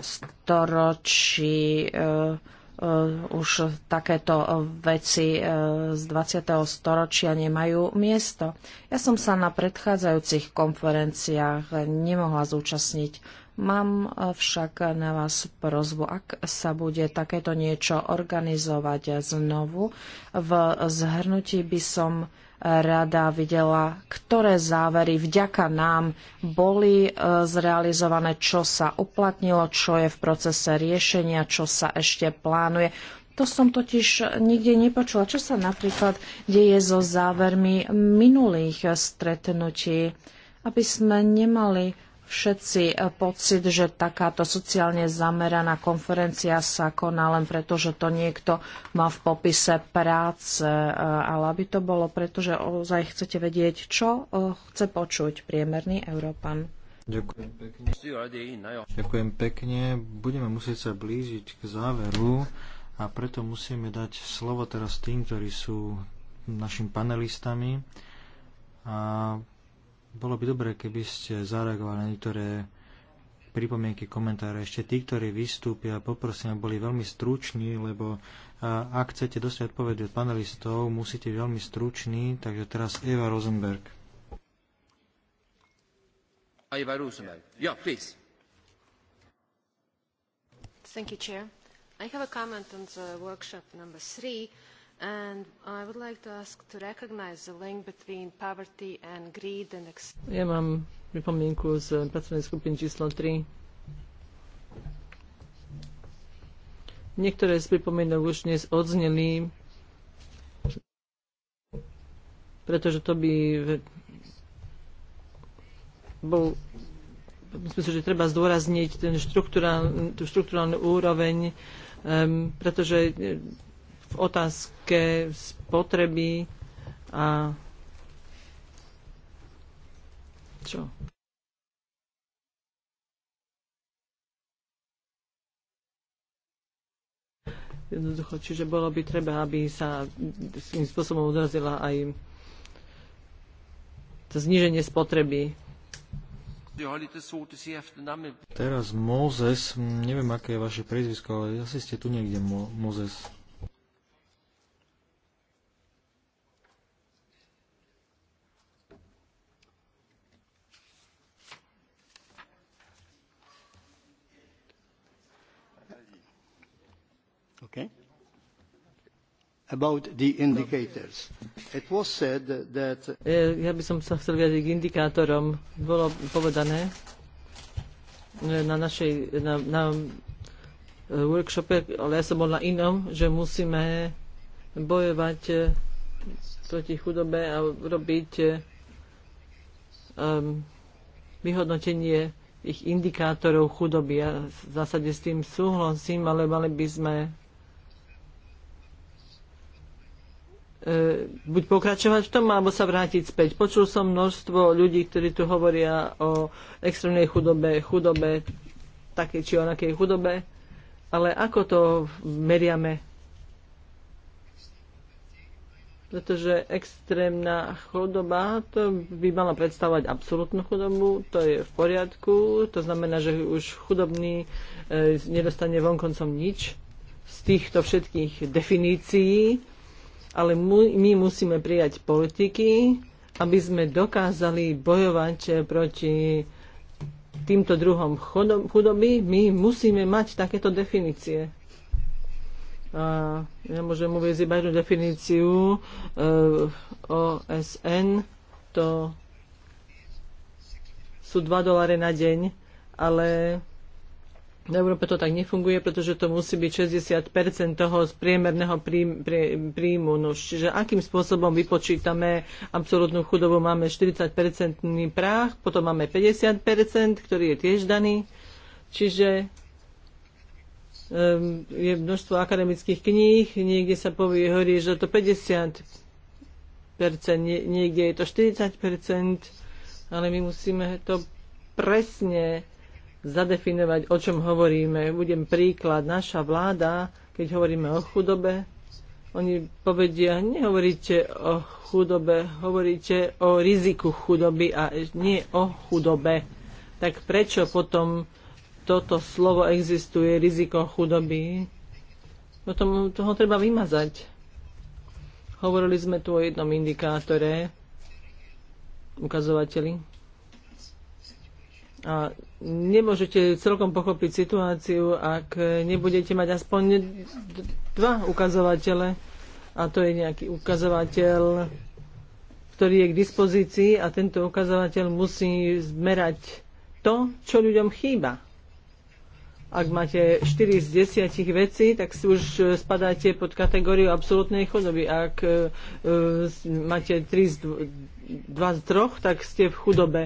storočí eh, Eh, už takéto eh, veci eh, z 20. storočia nemajú miesto. Ja som sa na predchádzajúcich konferenciách nemohla zúčastniť. Mám však na vás prozbu, ak sa bude takéto niečo organizovať znovu, v zhrnutí by som rada videla, ktoré závery vďaka nám boli e, zrealizované, čo sa uplatnilo, čo je v procese riešenia, čo sa ešte plánuje. To som totiž nikde nepočula. Čo sa napríklad deje so závermi minulých stretnutí, aby sme nemali všetci e, pocit, že takáto sociálne zameraná konferencia sa koná len preto, že to niekto má v popise práce, e, ale aby to bolo preto, že ozaj chcete vedieť, čo e, chce počuť priemerný Európan. Ďakujem pekne. Ďakujem pekne. Budeme musieť sa blížiť k záveru a preto musíme dať slovo teraz tým, ktorí sú našim panelistami. A bolo by dobre, keby ste zareagovali na niektoré pripomienky, komentáre. Ešte tí, ktorí vystúpia, poprosím, boli veľmi struční, lebo ak chcete dostať odpovede od panelistov, musíte byť veľmi struční. Takže teraz Eva Rosenberg. Eva Rosenberg. Yeah, please. Thank you, Chair. I have a comment on the workshop number three. Like and... Ja mám pripomienku z pracovnej skupiny číslo 3. Niektoré z pripomienok už dnes odzneli, pretože to by bol myslím, že treba zdôrazniť ten štruktúrálny, tú štruktúrálnu úroveň, um, pretože v otázke spotreby a čo? Jednoducho, čiže bolo by treba, aby sa tým spôsobom odrazila aj to zniženie spotreby. Teraz Mozes, neviem, aké je vaše priezvisko, ale asi ste tu niekde, Mo- Mozes. about the indicators. It was said that... E, ja by som sa chcel vyjadriť k indikátorom. Bolo povedané e, na našej na, na e, workshope, ale ja som bol na inom, že musíme bojovať proti chudobe a robiť um, vyhodnotenie ich indikátorov chudoby. Ja v zásade s tým súhlasím, ale mali by sme E, buď pokračovať v tom, alebo sa vrátiť späť. Počul som množstvo ľudí, ktorí tu hovoria o extrémnej chudobe, chudobe, takej či onakej chudobe, ale ako to meriame? Pretože extrémna chudoba, to by mala predstavovať absolútnu chudobu, to je v poriadku, to znamená, že už chudobný e, nedostane vonkoncom nič z týchto všetkých definícií, ale my musíme prijať politiky, aby sme dokázali bojovať eh, proti týmto druhom chudoby, my musíme mať takéto definície. A ja môžem uvieť iba jednu definíciu eh, OSN, to sú 2 doláre na deň, ale v Európe to tak nefunguje, pretože to musí byť 60 toho z priemerného príjmu. no, čiže akým spôsobom vypočítame absolútnu chudobu? Máme 40 práh, potom máme 50 ktorý je tiež daný. Čiže um, je množstvo akademických kníh, niekde sa povie, hovorí, že to 50 niekde je to 40 ale my musíme to presne zadefinovať, o čom hovoríme. Budem príklad. Naša vláda, keď hovoríme o chudobe, oni povedia, nehovoríte o chudobe, hovoríte o riziku chudoby a nie o chudobe. Tak prečo potom toto slovo existuje, riziko chudoby? Potom no toho treba vymazať. Hovorili sme tu o jednom indikátore, ukazovateli. A nemôžete celkom pochopiť situáciu, ak nebudete mať aspoň dva ukazovatele. A to je nejaký ukazovateľ, ktorý je k dispozícii a tento ukazovateľ musí zmerať to, čo ľuďom chýba. Ak máte 4 z 10 vecí, tak si už spadáte pod kategóriu absolútnej chudoby. Ak uh, máte 3 z 2 z 3, tak ste v chudobe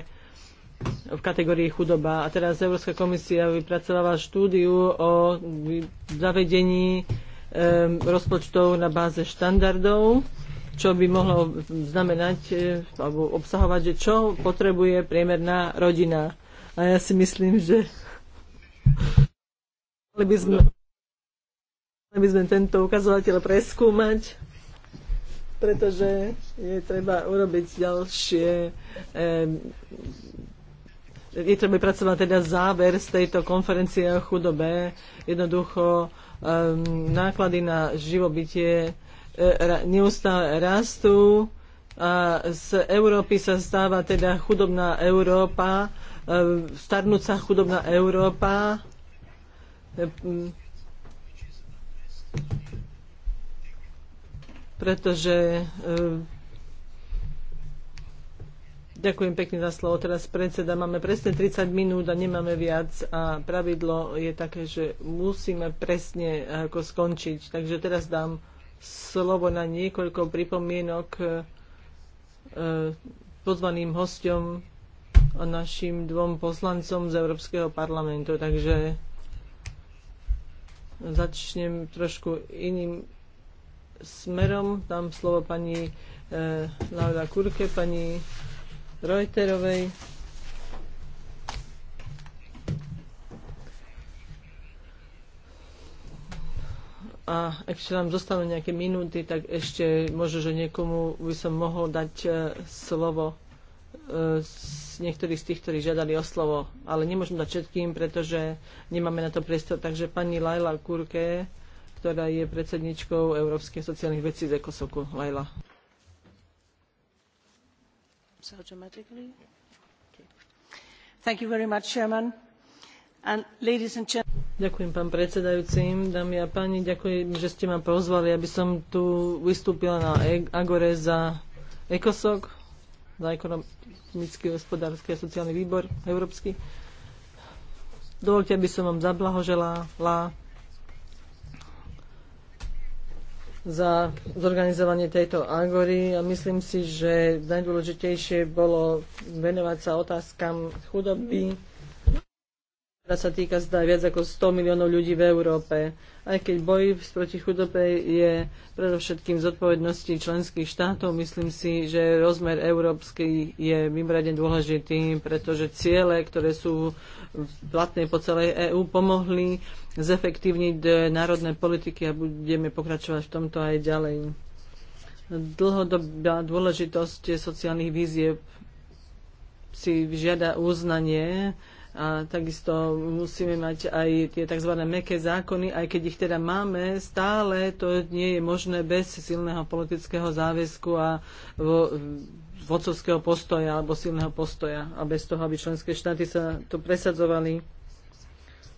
v kategórii chudoba. A teraz Európska komisia vypracovala štúdiu o zavedení rozpočtov na báze štandardov, čo by mohlo znamenať e, alebo obsahovať, že čo potrebuje priemerná rodina. A ja si myslím, že mali by sme, mali by sme tento ukazovateľ preskúmať, pretože je treba urobiť ďalšie vypracovať teda záver z tejto konferencie o chudobe. Jednoducho um, náklady na živobytie e, neustále rastú a z Európy sa stáva teda chudobná Európa, e, starnúca chudobná Európa. E, pretože Ďakujem pekne za slovo. Teraz predseda, máme presne 30 minút a nemáme viac a pravidlo je také, že musíme presne ako skončiť. Takže teraz dám slovo na niekoľko pripomienok e, pozvaným hostom a našim dvom poslancom z Európskeho parlamentu. Takže začnem trošku iným smerom. Dám slovo pani e, Laura Kurke, pani Reuterovej. a ešte nám zostanú nejaké minúty, tak ešte možno, že niekomu by som mohol dať e, slovo z e, niektorých z tých, ktorí žiadali o slovo, ale nemôžem dať všetkým, pretože nemáme na to priestor. Takže pani Laila Kurke, ktorá je predsedničkou Európskej sociálnych vecí z Ekosoku. Laila. Ďakujem, pán predsedajúci. Dámy a páni, ďakujem, že ste ma pozvali, aby som tu vystúpila na e- Agore za ECOSOC, za ekonomický, hospodársky a sociálny výbor európsky. Dovolte, aby som vám zablahoželala za zorganizovanie tejto agory a myslím si, že najdôležitejšie bolo venovať sa otázkam chudoby ktorá sa týka zdá viac ako 100 miliónov ľudí v Európe. Aj keď boj proti chudobe je predovšetkým zodpovednosti členských štátov, myslím si, že rozmer európsky je vymradne dôležitý, pretože ciele, ktoré sú platné po celej EÚ, pomohli zefektívniť národné politiky a budeme pokračovať v tomto aj ďalej. Dlhodobá dôležitosť sociálnych víziev si vyžiada uznanie, a takisto musíme mať aj tie tzv. meké zákony, aj keď ich teda máme, stále to nie je možné bez silného politického záväzku a vo, vodcovského postoja alebo silného postoja a bez toho, aby členské štáty sa to presadzovali.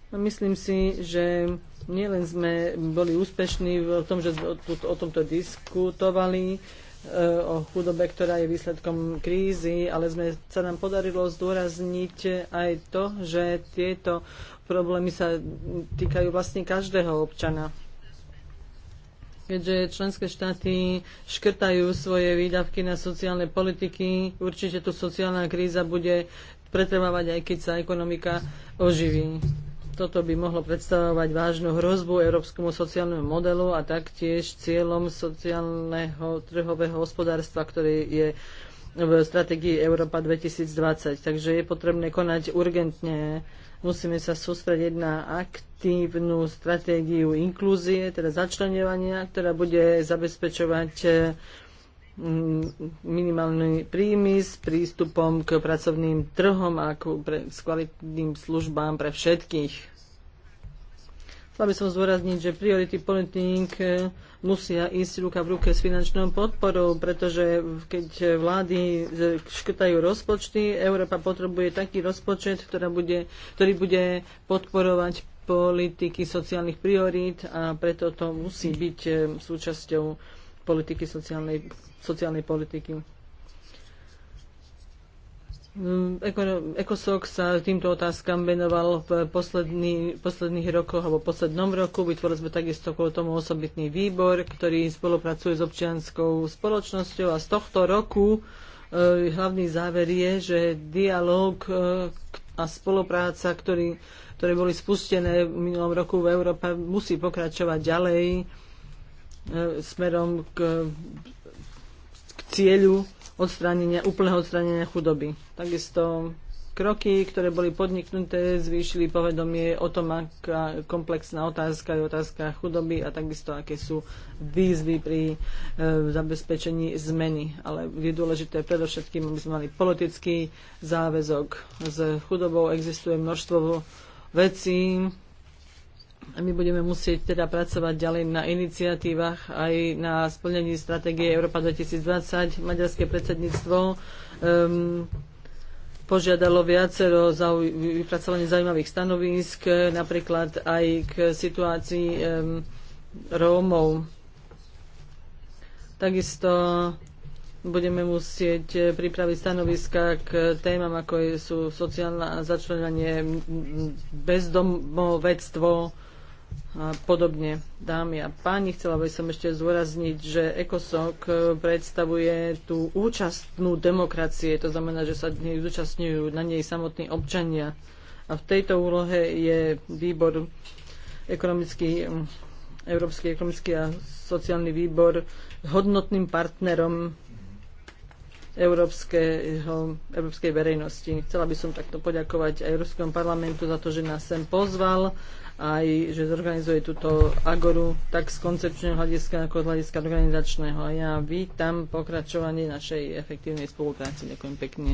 No, myslím si, že nielen sme boli úspešní v tom, že o, o tomto diskutovali, Eh, o chudobe, ktorá je výsledkom krízy, ale sme, sa nám podarilo zdôrazniť aj to, že tieto problémy sa týkajú vlastne každého občana. Keďže členské štáty škrtajú svoje výdavky na sociálne politiky, určite tu sociálna kríza bude pretrvávať, aj keď sa ekonomika oživí. Toto by mohlo predstavovať vážnu hrozbu európskemu sociálnemu modelu a taktiež cieľom sociálneho trhového hospodárstva, ktorý je v stratégii Európa 2020. Takže je potrebné konať urgentne. Musíme sa sústrediť na aktívnu stratégiu inklúzie, teda začlenovania, ktorá bude zabezpečovať Mm, minimálny príjmy s prístupom k pracovným trhom a k, pre, s kvalitným službám pre všetkých. Chcela by som zdôrazniť, že priority politik eh, musia ísť ruka v ruke s finančnou podporou, pretože keď vlády eh, škrtajú rozpočty, Európa potrebuje taký rozpočet, ktorá bude, ktorý bude podporovať politiky sociálnych priorít a preto to musí byť eh, súčasťou politiky sociálnej, sociálnej politiky. Mm, Ekosok sa týmto otázkam venoval v posledný, posledných rokoch alebo poslednom roku. Vytvorili sme takisto kvôli tomu osobitný výbor, ktorý spolupracuje s občianskou spoločnosťou a z tohto roku e, hlavný záver je, že dialog e, a spolupráca, ktorý, ktoré boli spustené v minulom roku v Európe, musí pokračovať ďalej E, smerom k, k cieľu odstránenia, úplného odstránenia chudoby. Takisto kroky, ktoré boli podniknuté, zvýšili povedomie o tom, aká komplexná otázka je otázka chudoby a takisto, aké sú výzvy pri e, zabezpečení zmeny. Ale je dôležité predovšetkým, aby sme mali politický záväzok. S chudobou existuje množstvo vecí, my budeme musieť teda pracovať ďalej na iniciatívach aj na splnení stratégie Európa 2020. Maďarské predsedníctvo um, požiadalo viacero vypracovanie zaujímavých stanovísk, napríklad aj k situácii um, Rómov. Takisto budeme musieť pripraviť stanoviska k témam, ako sú sociálne začlenanie, bezdomovectvo, a podobne. Dámy a páni, chcela by som ešte zúrazniť, že ECOSOC e, predstavuje tú účastnú demokracie, to znamená, že sa zúčastňujú na nej samotní občania. A v tejto úlohe je výbor ekonomický, Európsky ekonomický a sociálny výbor hodnotným partnerom európskeho, európskej verejnosti. Chcela by som takto poďakovať aj Európskom parlamentu za to, že nás sem pozval aj, že zorganizuje túto agoru tak z koncepčného hľadiska ako z hľadiska organizačného. A ja vítam pokračovanie našej efektívnej spolupráci. Ďakujem pekne.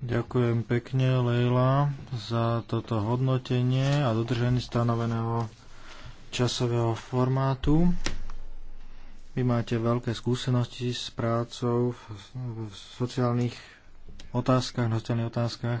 Ďakujem pekne, Leila, za toto hodnotenie a dodržanie stanoveného časového formátu. Vy máte veľké skúsenosti s prácou v sociálnych otázkach, v sociálnych otázkach.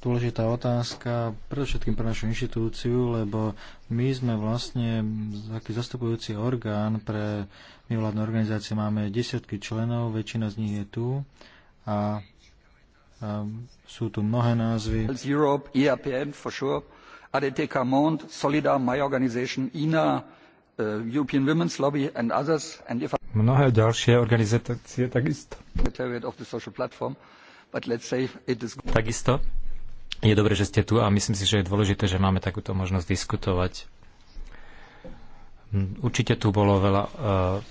dôležitá otázka, predovšetkým pre našu inštitúciu, lebo my sme vlastne taký zastupujúci orgán pre mimovládne organizácie. Máme desiatky členov, väčšina z nich je tu a, a sú tu mnohé názvy. Europe, EAPN for sure, ADTK Mond, My Organization, INA, uh, European Women's Lobby and others. And if I... Mnohé ďalšie organizácie takisto. Takisto je dobré, že ste tu a myslím si, že je dôležité, že máme takúto možnosť diskutovať. Hm, určite tu bolo veľa uh,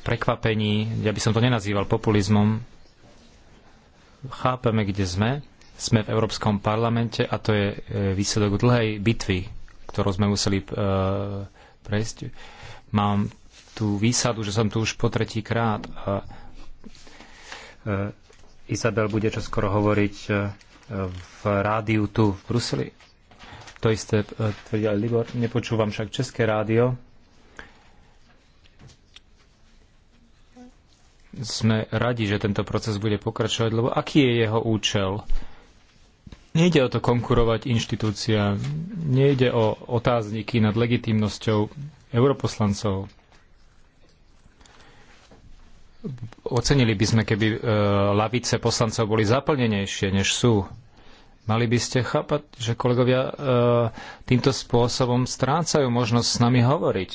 prekvapení. Ja by som to nenazýval populizmom. Chápeme, kde sme. Sme v Európskom parlamente a to je uh, výsledok dlhej bitvy, ktorú sme museli uh, prejsť. Mám tú výsadu, že som tu už po tretí krát a uh, Izabel bude čoskoro hovoriť uh, v rádiu tu v Bruseli. To isté e, tvrdil Libor. Nepočúvam však české rádio. Sme radi, že tento proces bude pokračovať, lebo aký je jeho účel? Nejde o to konkurovať inštitúcia, nejde o otázniky nad legitimnosťou europoslancov. Ocenili by sme, keby e, lavice poslancov boli zaplnenejšie, než sú. Mali by ste chápať, že kolegovia e, týmto spôsobom strácajú možnosť s nami hovoriť.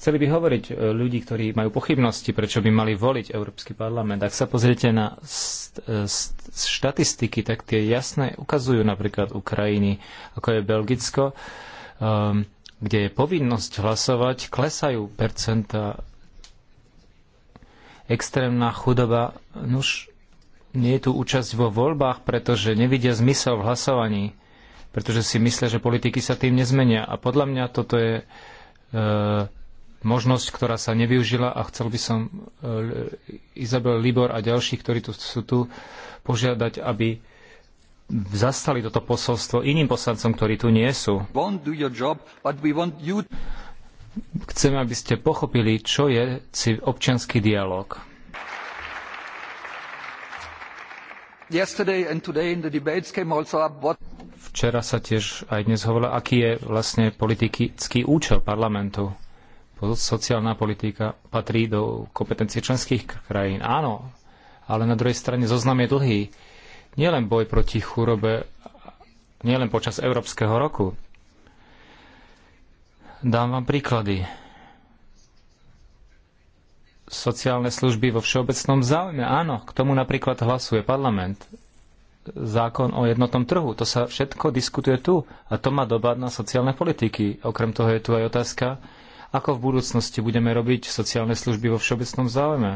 Chceli by hovoriť e, ľudí, ktorí majú pochybnosti, prečo by mali voliť Európsky parlament. Ak sa pozriete na štatistiky, tak tie jasné ukazujú napríklad Ukrajiny, ako je Belgicko. Um, kde je povinnosť hlasovať, klesajú percenta. Extrémna chudoba, nuž, nie je tu účasť vo voľbách, pretože nevidia zmysel v hlasovaní, pretože si myslia, že politiky sa tým nezmenia. A podľa mňa toto je e, možnosť, ktorá sa nevyužila a chcel by som e, Izabel Libor a ďalší, ktorí tu sú tu, požiadať, aby zastali toto posolstvo iným poslancom, ktorí tu nie sú. Chceme, aby ste pochopili, čo je občianský dialog. Včera sa tiež aj dnes hovorilo, aký je vlastne politický účel parlamentu. Sociálna politika patrí do kompetencie členských krajín. Áno, ale na druhej strane zoznam je dlhý nielen boj proti chorobe, nielen počas Európskeho roku. Dám vám príklady. Sociálne služby vo všeobecnom záujme. Áno, k tomu napríklad hlasuje parlament. Zákon o jednotnom trhu. To sa všetko diskutuje tu a to má dopad na sociálne politiky. Okrem toho je tu aj otázka, ako v budúcnosti budeme robiť sociálne služby vo všeobecnom záujme.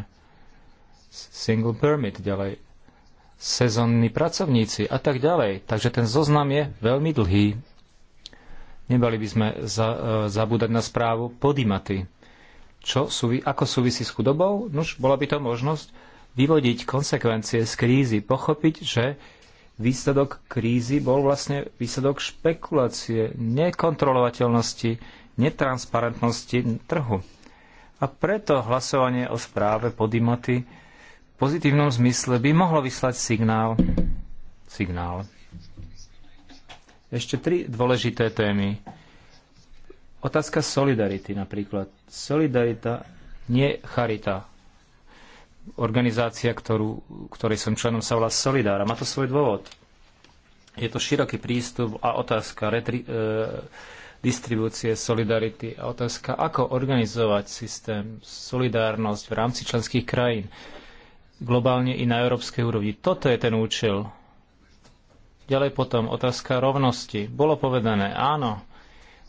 Single permit ďalej sezónni pracovníci a tak ďalej. Takže ten zoznam je veľmi dlhý. Nebali by sme za, e, zabúdať na správu podimaty. Čo súvi, ako súvisí s chudobou? Nuž, bola by to možnosť vyvodiť konsekvencie z krízy, pochopiť, že výsledok krízy bol vlastne výsledok špekulácie, nekontrolovateľnosti, netransparentnosti trhu. A preto hlasovanie o správe Podimaty pozitívnom zmysle by mohlo vyslať signál. signál. Ešte tri dôležité témy. Otázka solidarity napríklad. Solidarita nie charita. Organizácia, ktorú, ktorej som členom, sa volá Solidára. Má to svoj dôvod. Je to široký prístup a otázka retri, e, distribúcie solidarity a otázka, ako organizovať systém solidárnosť v rámci členských krajín. E, globálne i na európskej úrovni. Toto je ten účel. Ďalej potom otázka rovnosti. Bolo povedané, áno,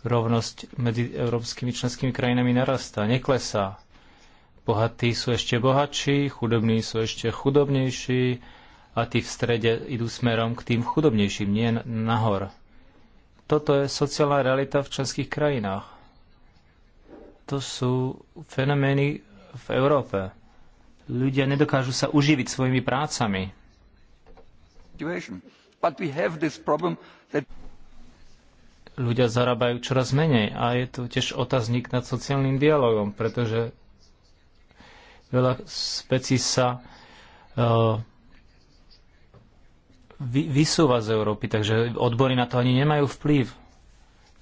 rovnosť medzi európskymi členskými krajinami narastá, neklesá. Bohatí sú ešte bohatší, chudobní sú ešte chudobnejší a tí v strede idú smerom k tým chudobnejším, nie nahor. Toto je sociálna realita v členských krajinách. To sú fenomény v Európe Ľudia nedokážu sa uživiť svojimi prácami. Ľudia zarábajú čoraz menej a je tu tiež otáznik nad sociálnym dialogom, pretože veľa specí sa uh, vy, vysúva z Európy, takže odbory na to ani nemajú vplyv.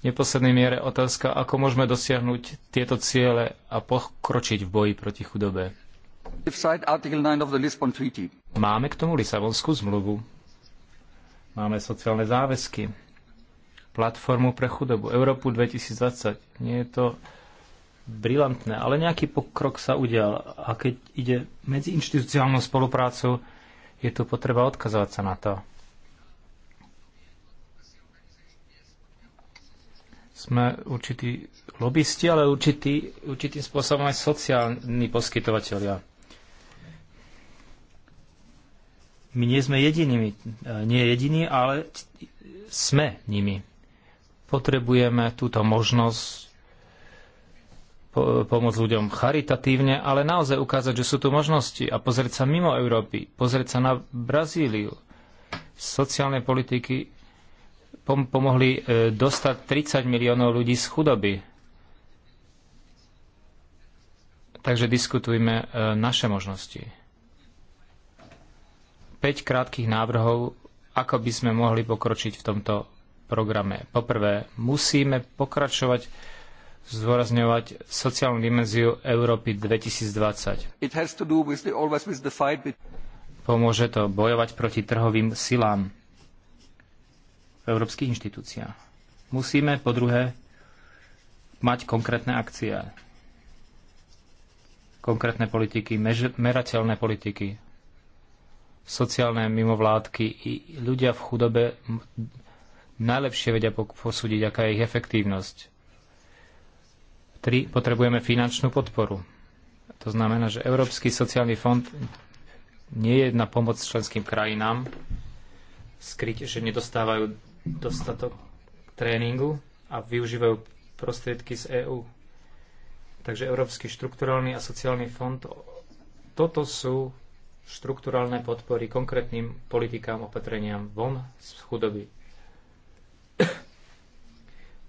V neposlednej miere otázka, ako môžeme dosiahnuť tieto ciele a pokročiť v boji proti chudobe. Máme k tomu Lisabonskú zmluvu. Máme sociálne záväzky. Platformu pre chudobu. Európu 2020. Nie je to brilantné, ale nejaký pokrok sa udial. A keď ide medzi inštitucionálnou spoluprácu, je tu potreba odkazovať sa na to. Sme určití lobbysti, ale určitý, určitým spôsobom aj sociálni poskytovateľia My nie sme jedinými, e, nie jediní, ale sme nimi. Potrebujeme túto možnosť pomôcť ľuďom charitatívne, ale naozaj ukázať, že sú tu možnosti a pozrieť sa mimo Európy, pozrieť sa na Brazíliu. Sociálne politiky pomohli e, dostať 30 miliónov ľudí z chudoby. Takže diskutujme e, naše možnosti. 5 krátkých návrhov, ako by sme mohli pokročiť v tomto programe. Poprvé, musíme pokračovať zdôrazňovať sociálnu dimenziu Európy 2020. Pomôže to bojovať proti trhovým silám v európskych inštitúciách. Musíme po druhé mať konkrétne akcie, konkrétne politiky, merateľné politiky, sociálne mimovládky i ľudia v chudobe najlepšie vedia posúdiť, aká je ich efektívnosť. 3. Potrebujeme finančnú podporu. To znamená, že Európsky sociálny fond nie je na pomoc členským krajinám skryť, že nedostávajú dostatok tréningu a využívajú prostriedky z EÚ. Takže Európsky štrukturálny a sociálny fond, toto sú štrukturálne podpory konkrétnym politikám, opatreniam von z chudoby. (coughs)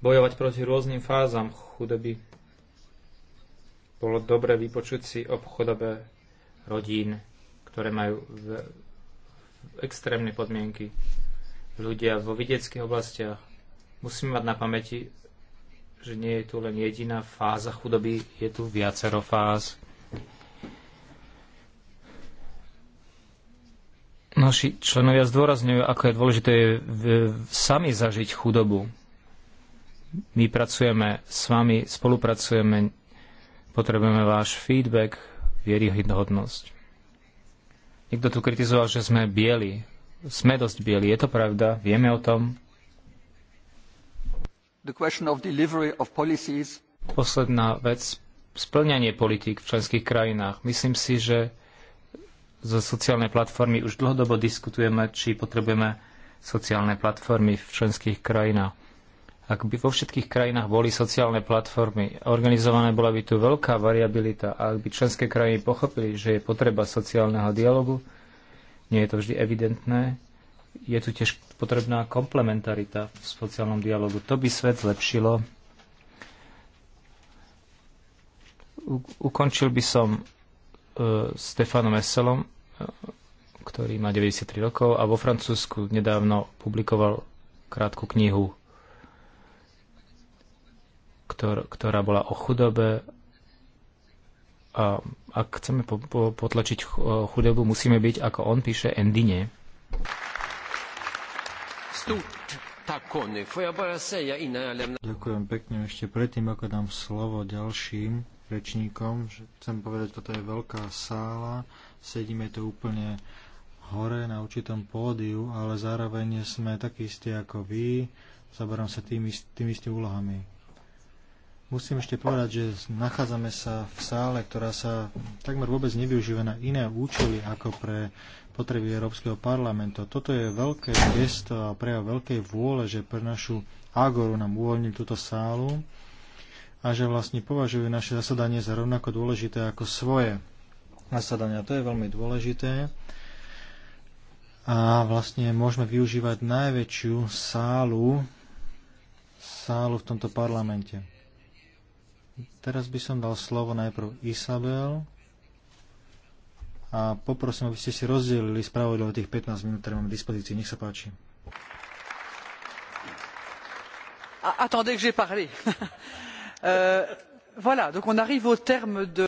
Bojovať proti rôznym fázam chudoby. Bolo dobre vypočuť si o chudobe rodín, ktoré majú v, v extrémne podmienky. Ľudia vo vidieckých oblastiach. Musíme mať na pamäti, že nie je tu len jediná fáza chudoby, je tu viacero fáz. Naši členovia zdôrazňujú, ako je dôležité sami zažiť chudobu. My pracujeme s vami, spolupracujeme, potrebujeme váš feedback, vieryhodnosť. Niekto tu kritizoval, že sme bieli. Sme dosť bieli, je to pravda, vieme o tom. Posledná vec, splňanie politik v členských krajinách. Myslím si, že zo sociálnej platformy už dlhodobo diskutujeme, či potrebujeme sociálne platformy v členských krajinách. Ak by vo všetkých krajinách boli sociálne platformy organizované, bola by tu veľká variabilita a ak by členské krajiny pochopili, že je potreba sociálneho dialogu, nie je to vždy evidentné, je tu tiež potrebná komplementarita v sociálnom dialogu. To by svet zlepšilo. U, ukončil by som uh, Stefanom Eselom ktorý má 93 rokov a vo Francúzsku nedávno publikoval krátku knihu, ktor, ktorá bola o chudobe. A ak chceme po, po, potlačiť e, chudobu, musíme byť, ako on píše, endine. Ďakujem pekne ešte predtým, ako dám slovo ďalším rečníkom. Že chcem povedať, toto je veľká sála, sedíme tu úplne hore na určitom pódiu, ale zároveň sme takí istí ako vy, zaberám sa tými, tými istými úlohami. Musím ešte povedať, že nachádzame sa v sále, ktorá sa takmer vôbec nevyužíva na iné účely ako pre potreby Európskeho parlamentu. Toto je veľké gesto a prejav veľkej vôle, že pre našu Agoru nám uvoľnil túto sálu a že vlastne považujú naše zasadanie za rovnako dôležité ako svoje nasadania. To je veľmi dôležité. A vlastne môžeme využívať najväčšiu sálu, sálu v tomto parlamente. Teraz by som dal slovo najprv Isabel a poprosím, aby ste si rozdelili spravodlivé tých 15 minút, ktoré mám v dispozícii. Nech sa páči. Attendez que j'ai parlé. (laughs) euh, voilà, donc on arrive au terme de...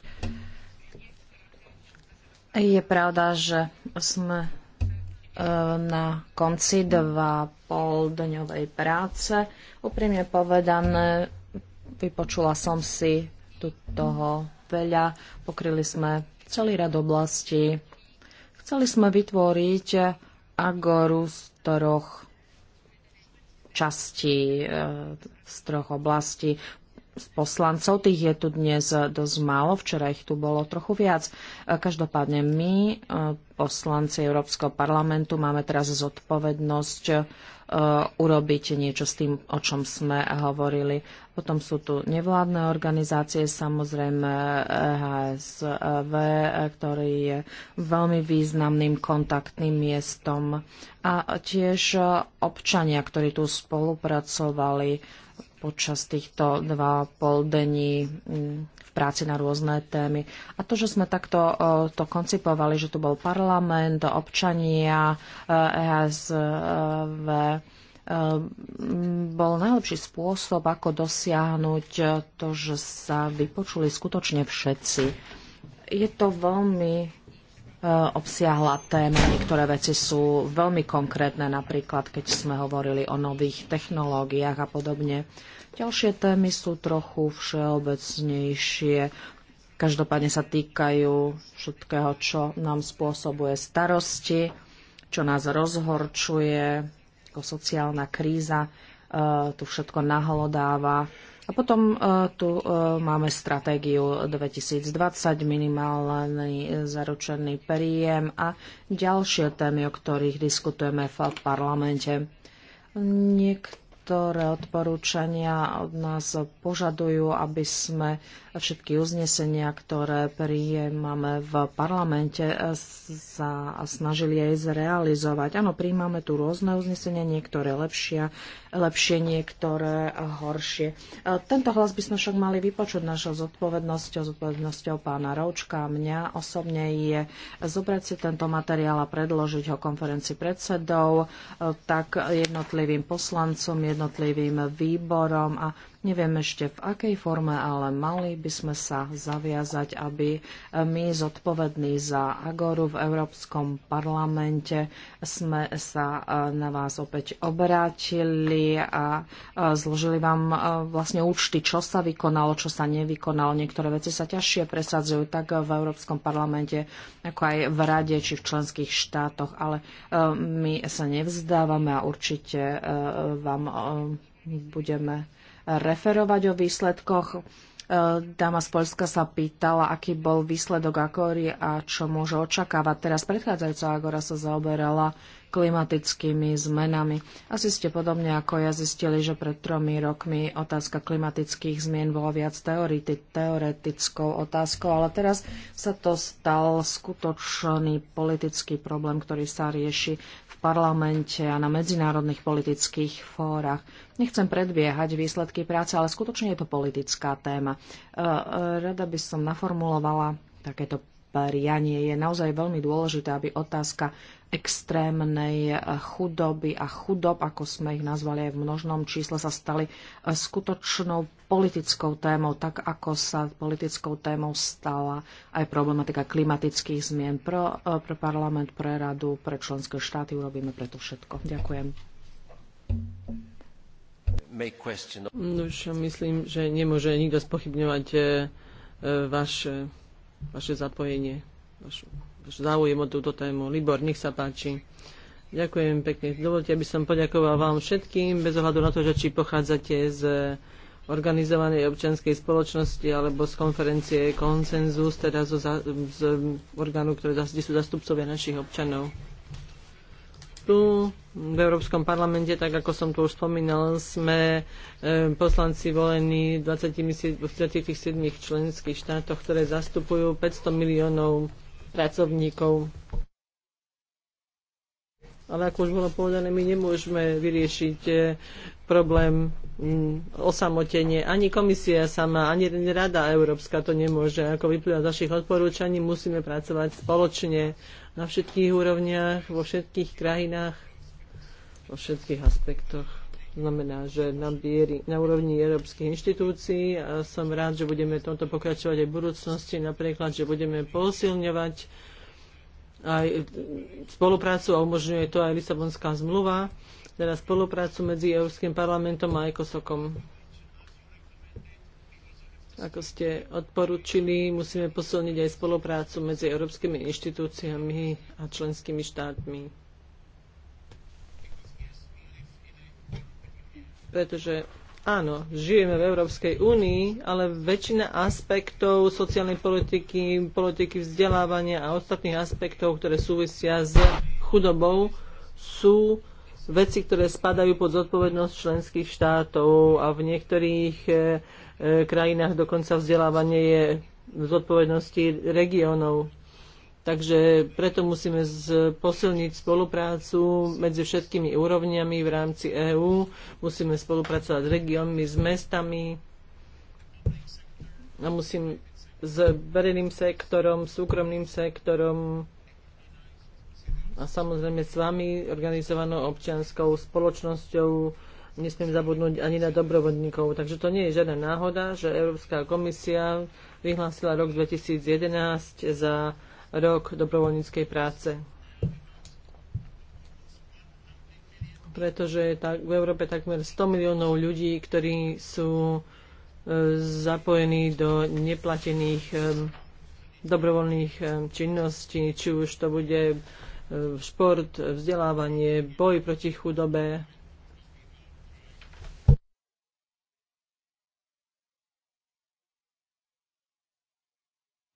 Je pravda, že sme e, na konci dva pol dňovej práce. Úprimne povedané, vypočula som si tu toho veľa. Pokryli sme celý rad oblastí. Chceli sme vytvoriť agoru z troch častí, e, z troch oblastí poslancov, tých je tu dnes eh, dosť málo, včera ich tu bolo trochu viac. Eh, každopádne my, eh, poslanci Európskeho parlamentu, máme teraz zodpovednosť urobiť niečo s tým, o čom sme hovorili. Potom sú tu nevládne organizácie, samozrejme e HSV, ktorý je veľmi významným kontaktným miestom. A tiež občania, ktorí tu spolupracovali počas týchto dva pol dení mm, v práci na rôzne témy. A to, že sme takto e, to koncipovali, že tu bol parlament, občania, ESV, e e, bol najlepší spôsob, ako dosiahnuť to, že sa vypočuli skutočne všetci. Je to veľmi Eh, obsiahla téma. Niektoré veci sú veľmi konkrétne, napríklad keď sme hovorili o nových technológiách a podobne. Ďalšie témy sú trochu všeobecnejšie. Každopádne sa týkajú všetkého, čo nám spôsobuje starosti, čo nás rozhorčuje, ako sociálna kríza. Eh, tu všetko nahlodáva a potom e, tu e, máme stratégiu 2020, minimálny zaručený príjem a ďalšie témy, o ktorých diskutujeme v parlamente. Niekto ktoré odporúčania od nás požadujú, aby sme všetky uznesenia, ktoré prijímame v parlamente, sa snažili aj zrealizovať. Áno, prijímame tu rôzne uznesenia, niektoré lepšia, lepšie, niektoré horšie. E, tento hlas by sme však mali vypočuť našou zodpovednosťou, zodpovednosťou pána Roučka a mňa. Osobne je zobrať si tento materiál a predložiť ho konferencii predsedov, e, tak jednotlivým poslancom, jednotlivým výborom a Neviem ešte v akej forme, ale mali by sme sa zaviazať, aby my zodpovední za Agoru v Európskom parlamente sme sa e, na vás opäť obrátili a e, zložili vám e, vlastne účty, čo sa vykonalo, čo sa nevykonalo. Niektoré veci sa ťažšie presadzujú tak v Európskom parlamente, ako aj v Rade či v členských štátoch, ale my sa nevzdávame a určite vám budeme referovať o výsledkoch. E, Dáma z Polska sa pýtala, aký bol výsledok Agory a čo môže očakávať. Teraz predchádzajúca Agora sa zaoberala klimatickými zmenami. Asi ste podobne ako ja zistili, že pred tromi rokmi otázka klimatických zmien bola viac teority, teoretickou otázkou, ale teraz sa to stal skutočný politický problém, ktorý sa rieši v parlamente a na medzinárodných politických fórach. Nechcem predbiehať výsledky práce, ale skutočne je to politická téma. E, e, rada by som naformulovala takéto prianie. Je naozaj veľmi dôležité, aby otázka extrémnej eh, chudoby a chudob, ako sme ich nazvali aj v množnom čísle, sa stali eh, skutočnou politickou témou, tak ako sa politickou témou stala aj problematika klimatických zmien. Pro, eh, pre parlament, pre radu, pre členské štáty urobíme preto všetko. Ďakujem. Už no, myslím, že nemôže nikto spochybňovať vaše, vaše zapojenie, vašu záujem o túto tému. Libor, nech sa páči. Ďakujem pekne. Dovolte, aby som poďakoval vám všetkým, bez ohľadu na to, že či pochádzate z organizovanej občianskej spoločnosti alebo z konferencie Konsenzus, teda zo, z orgánu, ktoré zase sú zastupcovia našich občanov. Tu v Európskom parlamente, tak ako som tu už spomínal, sme e, poslanci volení v 27 členských štátoch, ktoré zastupujú 500 miliónov pracovníkov. Ale ako už bolo povedané, my nemôžeme vyriešiť e, problém osamotenie. Ani komisia sama, ani Rada Európska to nemôže. Ako vyplýva z našich odporúčaní, musíme pracovať spoločne na všetkých úrovniach, vo všetkých krajinách, vo všetkých aspektoch znamená, že na, bieri, na úrovni európskych inštitúcií a som rád, že budeme tomto pokračovať aj v budúcnosti, napríklad, že budeme posilňovať aj spoluprácu a umožňuje to aj Lisabonská zmluva, teda spoluprácu medzi Európskym parlamentom a ECOSOKom. Ako ste odporučili, musíme posilniť aj spoluprácu medzi európskymi inštitúciami a členskými štátmi. pretože Áno, žijeme v Európskej únii, ale väčšina aspektov sociálnej politiky, politiky vzdelávania a ostatných aspektov, ktoré súvisia s chudobou, sú veci, ktoré spadajú pod zodpovednosť členských štátov a v niektorých e, e krajinách dokonca vzdelávanie je v zodpovednosti regiónov. Takže preto musíme posilniť spoluprácu medzi všetkými úrovniami v rámci EÚ. Musíme spolupracovať s regiónmi, s mestami a musím s verejným sektorom, súkromným sektorom a samozrejme s vami, organizovanou občianskou spoločnosťou, nesmiem zabudnúť ani na dobrovodníkov. Takže to nie je žiadna náhoda, že Európska komisia vyhlásila rok 2011 za rok dobrovoľníckej práce. Pretože tak, v Európe takmer 100 miliónov ľudí, ktorí sú e, zapojení do neplatených e, dobrovoľných e, činností, či už to bude šport, vzdelávanie, boj proti chudobe,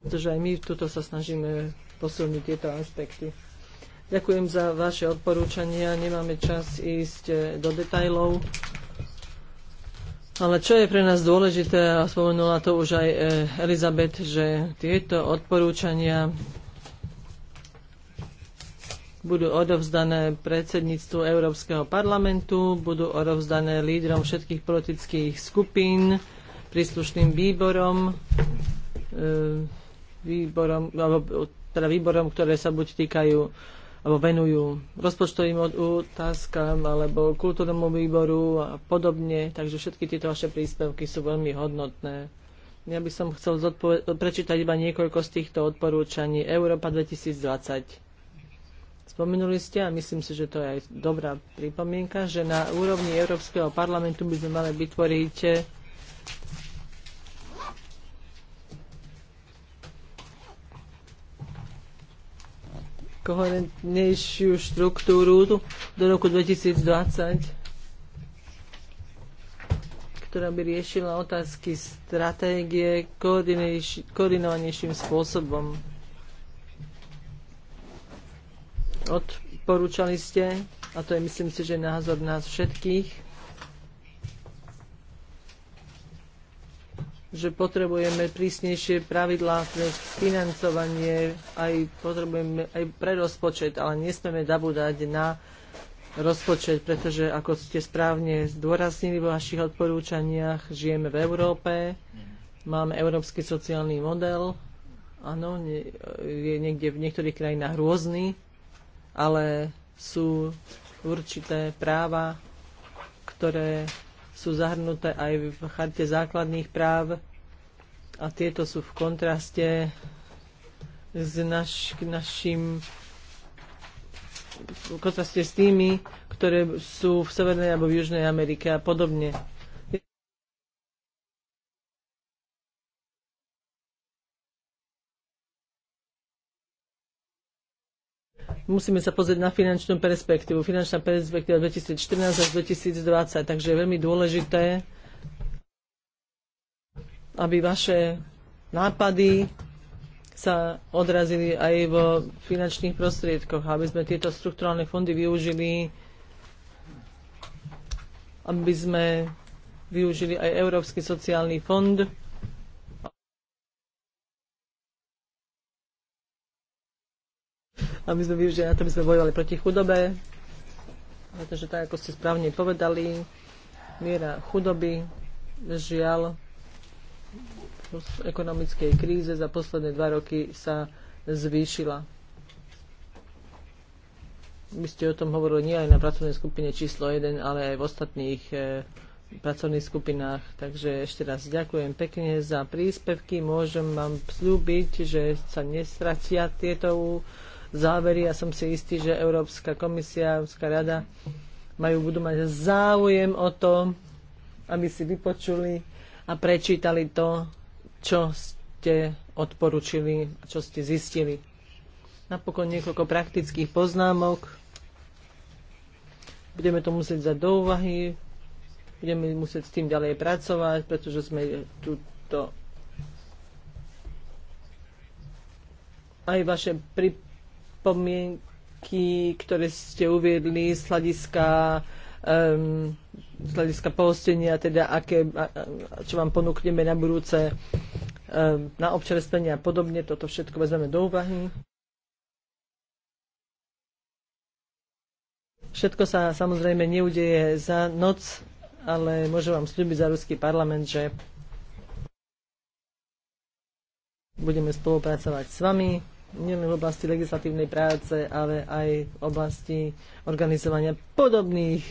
pretože aj my tuto sa snažíme posilniť tieto aspekty. Ďakujem za vaše odporúčania. Nemáme čas ísť eh, do detajlov. Ale čo je pre nás dôležité, a spomenula to už aj eh, Elizabet, že tieto odporúčania budú odovzdané predsedníctvu Európskeho parlamentu, budú odovzdané lídrom všetkých politických skupín, príslušným výborom, eh, výborom, alebo teda výborom, ktoré sa buď týkajú alebo venujú rozpočtovým otázkam alebo kultúrnemu výboru a podobne. Takže všetky tieto vaše príspevky sú veľmi hodnotné. Ja by som chcel prečítať iba niekoľko z týchto odporúčaní. Európa 2020. Spomenuli ste, a myslím si, že to je aj dobrá pripomienka, že na úrovni Európskeho parlamentu by sme mali vytvoriť koherentnejšiu štruktúru do roku 2020, ktorá by riešila otázky stratégie koordinovanejším spôsobom. Odporúčali ste, a to je myslím si, že názor nás všetkých, že potrebujeme prísnejšie pravidlá pre financovanie, aj potrebujeme aj pre rozpočet, ale nesmieme zabúdať na rozpočet, pretože ako ste správne zdôraznili vo vašich odporúčaniach, žijeme v Európe, máme európsky sociálny model, áno, je niekde v niektorých krajinách rôzny, ale sú určité práva, ktoré sú zahrnuté aj v charte základných práv a tieto sú v kontraste s naš, našim v kontraste s tými, ktoré sú v Severnej alebo v Južnej Amerike a podobne. musíme sa pozrieť na finančnú perspektívu. Finančná perspektíva 2014 až 2020, takže je veľmi dôležité, aby vaše nápady sa odrazili aj vo finančných prostriedkoch, aby sme tieto strukturálne fondy využili, aby sme využili aj Európsky sociálny fond, aby sme využili na to, aby sme bojovali proti chudobe. Pretože tak, ako ste správne povedali, miera chudoby, žiaľ, v ekonomickej kríze za posledné dva roky sa zvýšila. My ste o tom hovorili nie aj na pracovnej skupine číslo 1, ale aj v ostatných e, pracovných skupinách. Takže ešte raz ďakujem pekne za príspevky. Môžem vám slúbiť, že sa nestratia tieto závery a som si istý, že Európska komisia, Európska rada majú, budú mať záujem o to, aby si vypočuli a prečítali to, čo ste odporučili a čo ste zistili. Napokon niekoľko praktických poznámok. Budeme to musieť za do úvahy, budeme musieť s tým ďalej pracovať, pretože sme túto aj vaše pri podmienky, ktoré ste uviedli z hľadiska um, z hľadiska pohostenia, teda aké, čo vám ponúkneme na budúce um, na občerstvenie a podobne. Toto všetko vezmeme do úvahy. Všetko sa samozrejme neudeje za noc, ale môžem vám slúbiť za ruský parlament, že budeme spolupracovať s vami nielen v oblasti legislatívnej práce, ale aj v oblasti organizovania podobných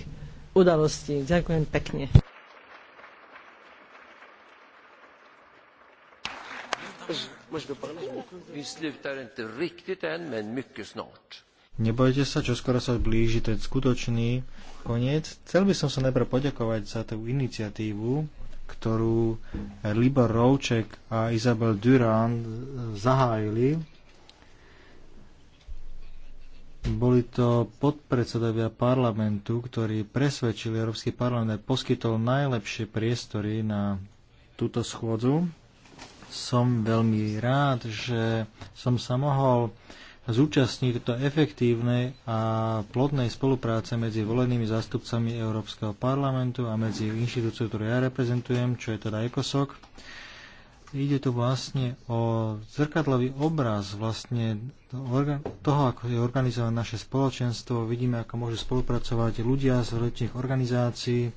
udalostí. Ďakujem pekne. Nebojte sa, čo skoro sa blíži ten skutočný koniec. Chcel by som sa najprv poďakovať za tú iniciatívu, ktorú Libor Rouček a Isabel Durán zahájili boli to podpredsedovia parlamentu, ktorí presvedčili Európsky parlament a poskytol najlepšie priestory na túto schôdzu. Som veľmi rád, že som sa mohol zúčastniť do efektívnej a plodnej spolupráce medzi volenými zástupcami Európskeho parlamentu a medzi inštitúciou, ktorú ja reprezentujem, čo je teda ECOSOC ide tu vlastne o zrkadlový obraz vlastne toho, ako je organizované naše spoločenstvo. Vidíme, ako môžu spolupracovať ľudia z rozličných organizácií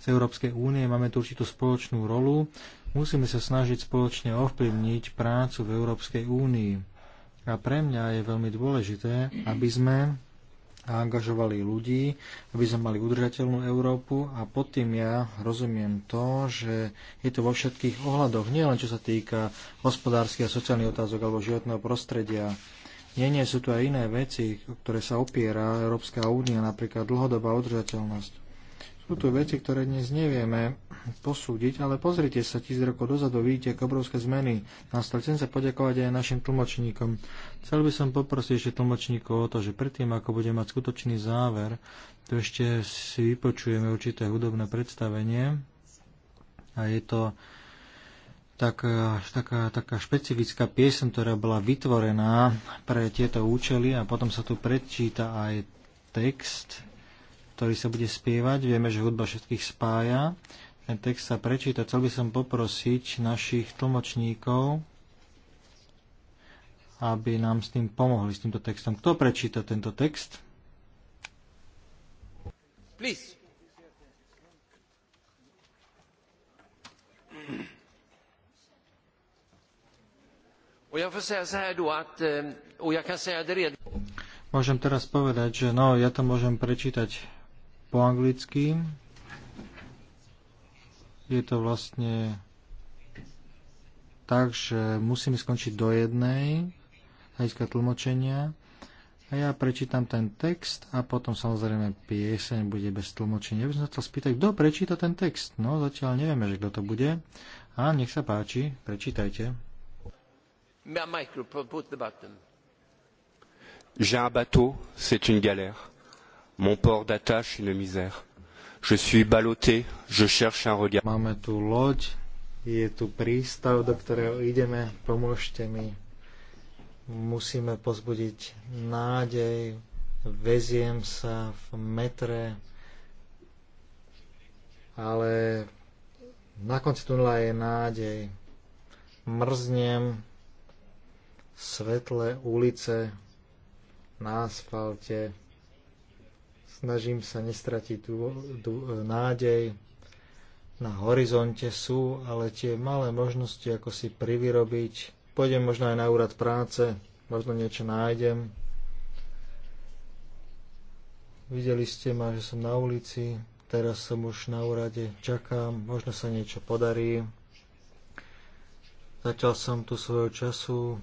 z Európskej únie. Máme tu určitú spoločnú rolu. Musíme sa snažiť spoločne ovplyvniť prácu v Európskej únii. A pre mňa je veľmi dôležité, aby sme a angažovali ľudí, aby sme mali udržateľnú Európu a pod tým ja rozumiem to, že je to vo všetkých ohľadoch, nielen čo sa týka hospodárskych a sociálnych otázok alebo životného prostredia. Nie, nie, sú tu aj iné veci, ktoré sa opiera Európska únia, napríklad dlhodobá udržateľnosť. Sú tu veci, ktoré dnes nevieme posúdiť, ale pozrite sa tisíc rokov dozadu, vidíte, aké obrovské zmeny nastali. Chcem sa poďakovať aj našim tlmočníkom. Chcel by som poprosiť ešte tlmočníkov o to, že predtým, ako bude mať skutočný záver, tu ešte si vypočujeme určité hudobné predstavenie a je to tak, e, taká, taká špecifická piesň, ktorá bola vytvorená pre tieto účely a potom sa tu predčíta aj text, ktorý sa bude spievať. Vieme, že hudba všetkých spája ten text sa prečíta, chcel by som poprosiť našich tlmočníkov, aby nám s tým pomohli, s týmto textom. Kto prečíta tento text? Please. Eh, môžem teraz povedať, že no, ja to môžem prečítať po anglicky, je to vlastne tak, že musíme skončiť do jednej hľadiska tlmočenia a ja prečítam ten text a potom samozrejme pieseň bude bez tlmočenia. Ja by som chcel spýtať, kto prečíta ten text? No, zatiaľ nevieme, že kto to bude. A nech sa páči, prečítajte. J'ai un bateau, c'est une galère. Mon port d'attache, une misère je suis je cherche un regard. Máme tu loď, je tu prístav, do ktorého ideme, pomôžte mi. Musíme pozbudiť nádej, veziem sa v metre, ale na konci tunela je nádej. Mrznem svetlé ulice na asfalte, snažím sa nestratiť tú, tú e, nádej. Na horizonte sú, ale tie malé možnosti, ako si privyrobiť. Pôjdem možno aj na úrad práce, možno niečo nájdem. Videli ste ma, že som na ulici, teraz som už na úrade, čakám, možno sa niečo podarí. Začal som tu svojho času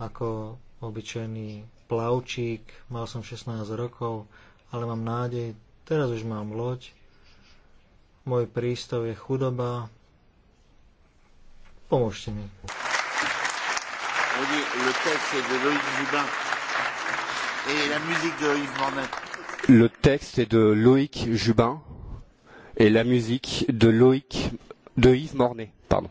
ako obyčajný plavčík, mal som 16 rokov, ale mám nádej, teraz už mám loď, môj prístav je chudoba, pomôžte mi. Le texte est de Loïc Jubin et la musique de Loïc de Yves Mornay. Pardon.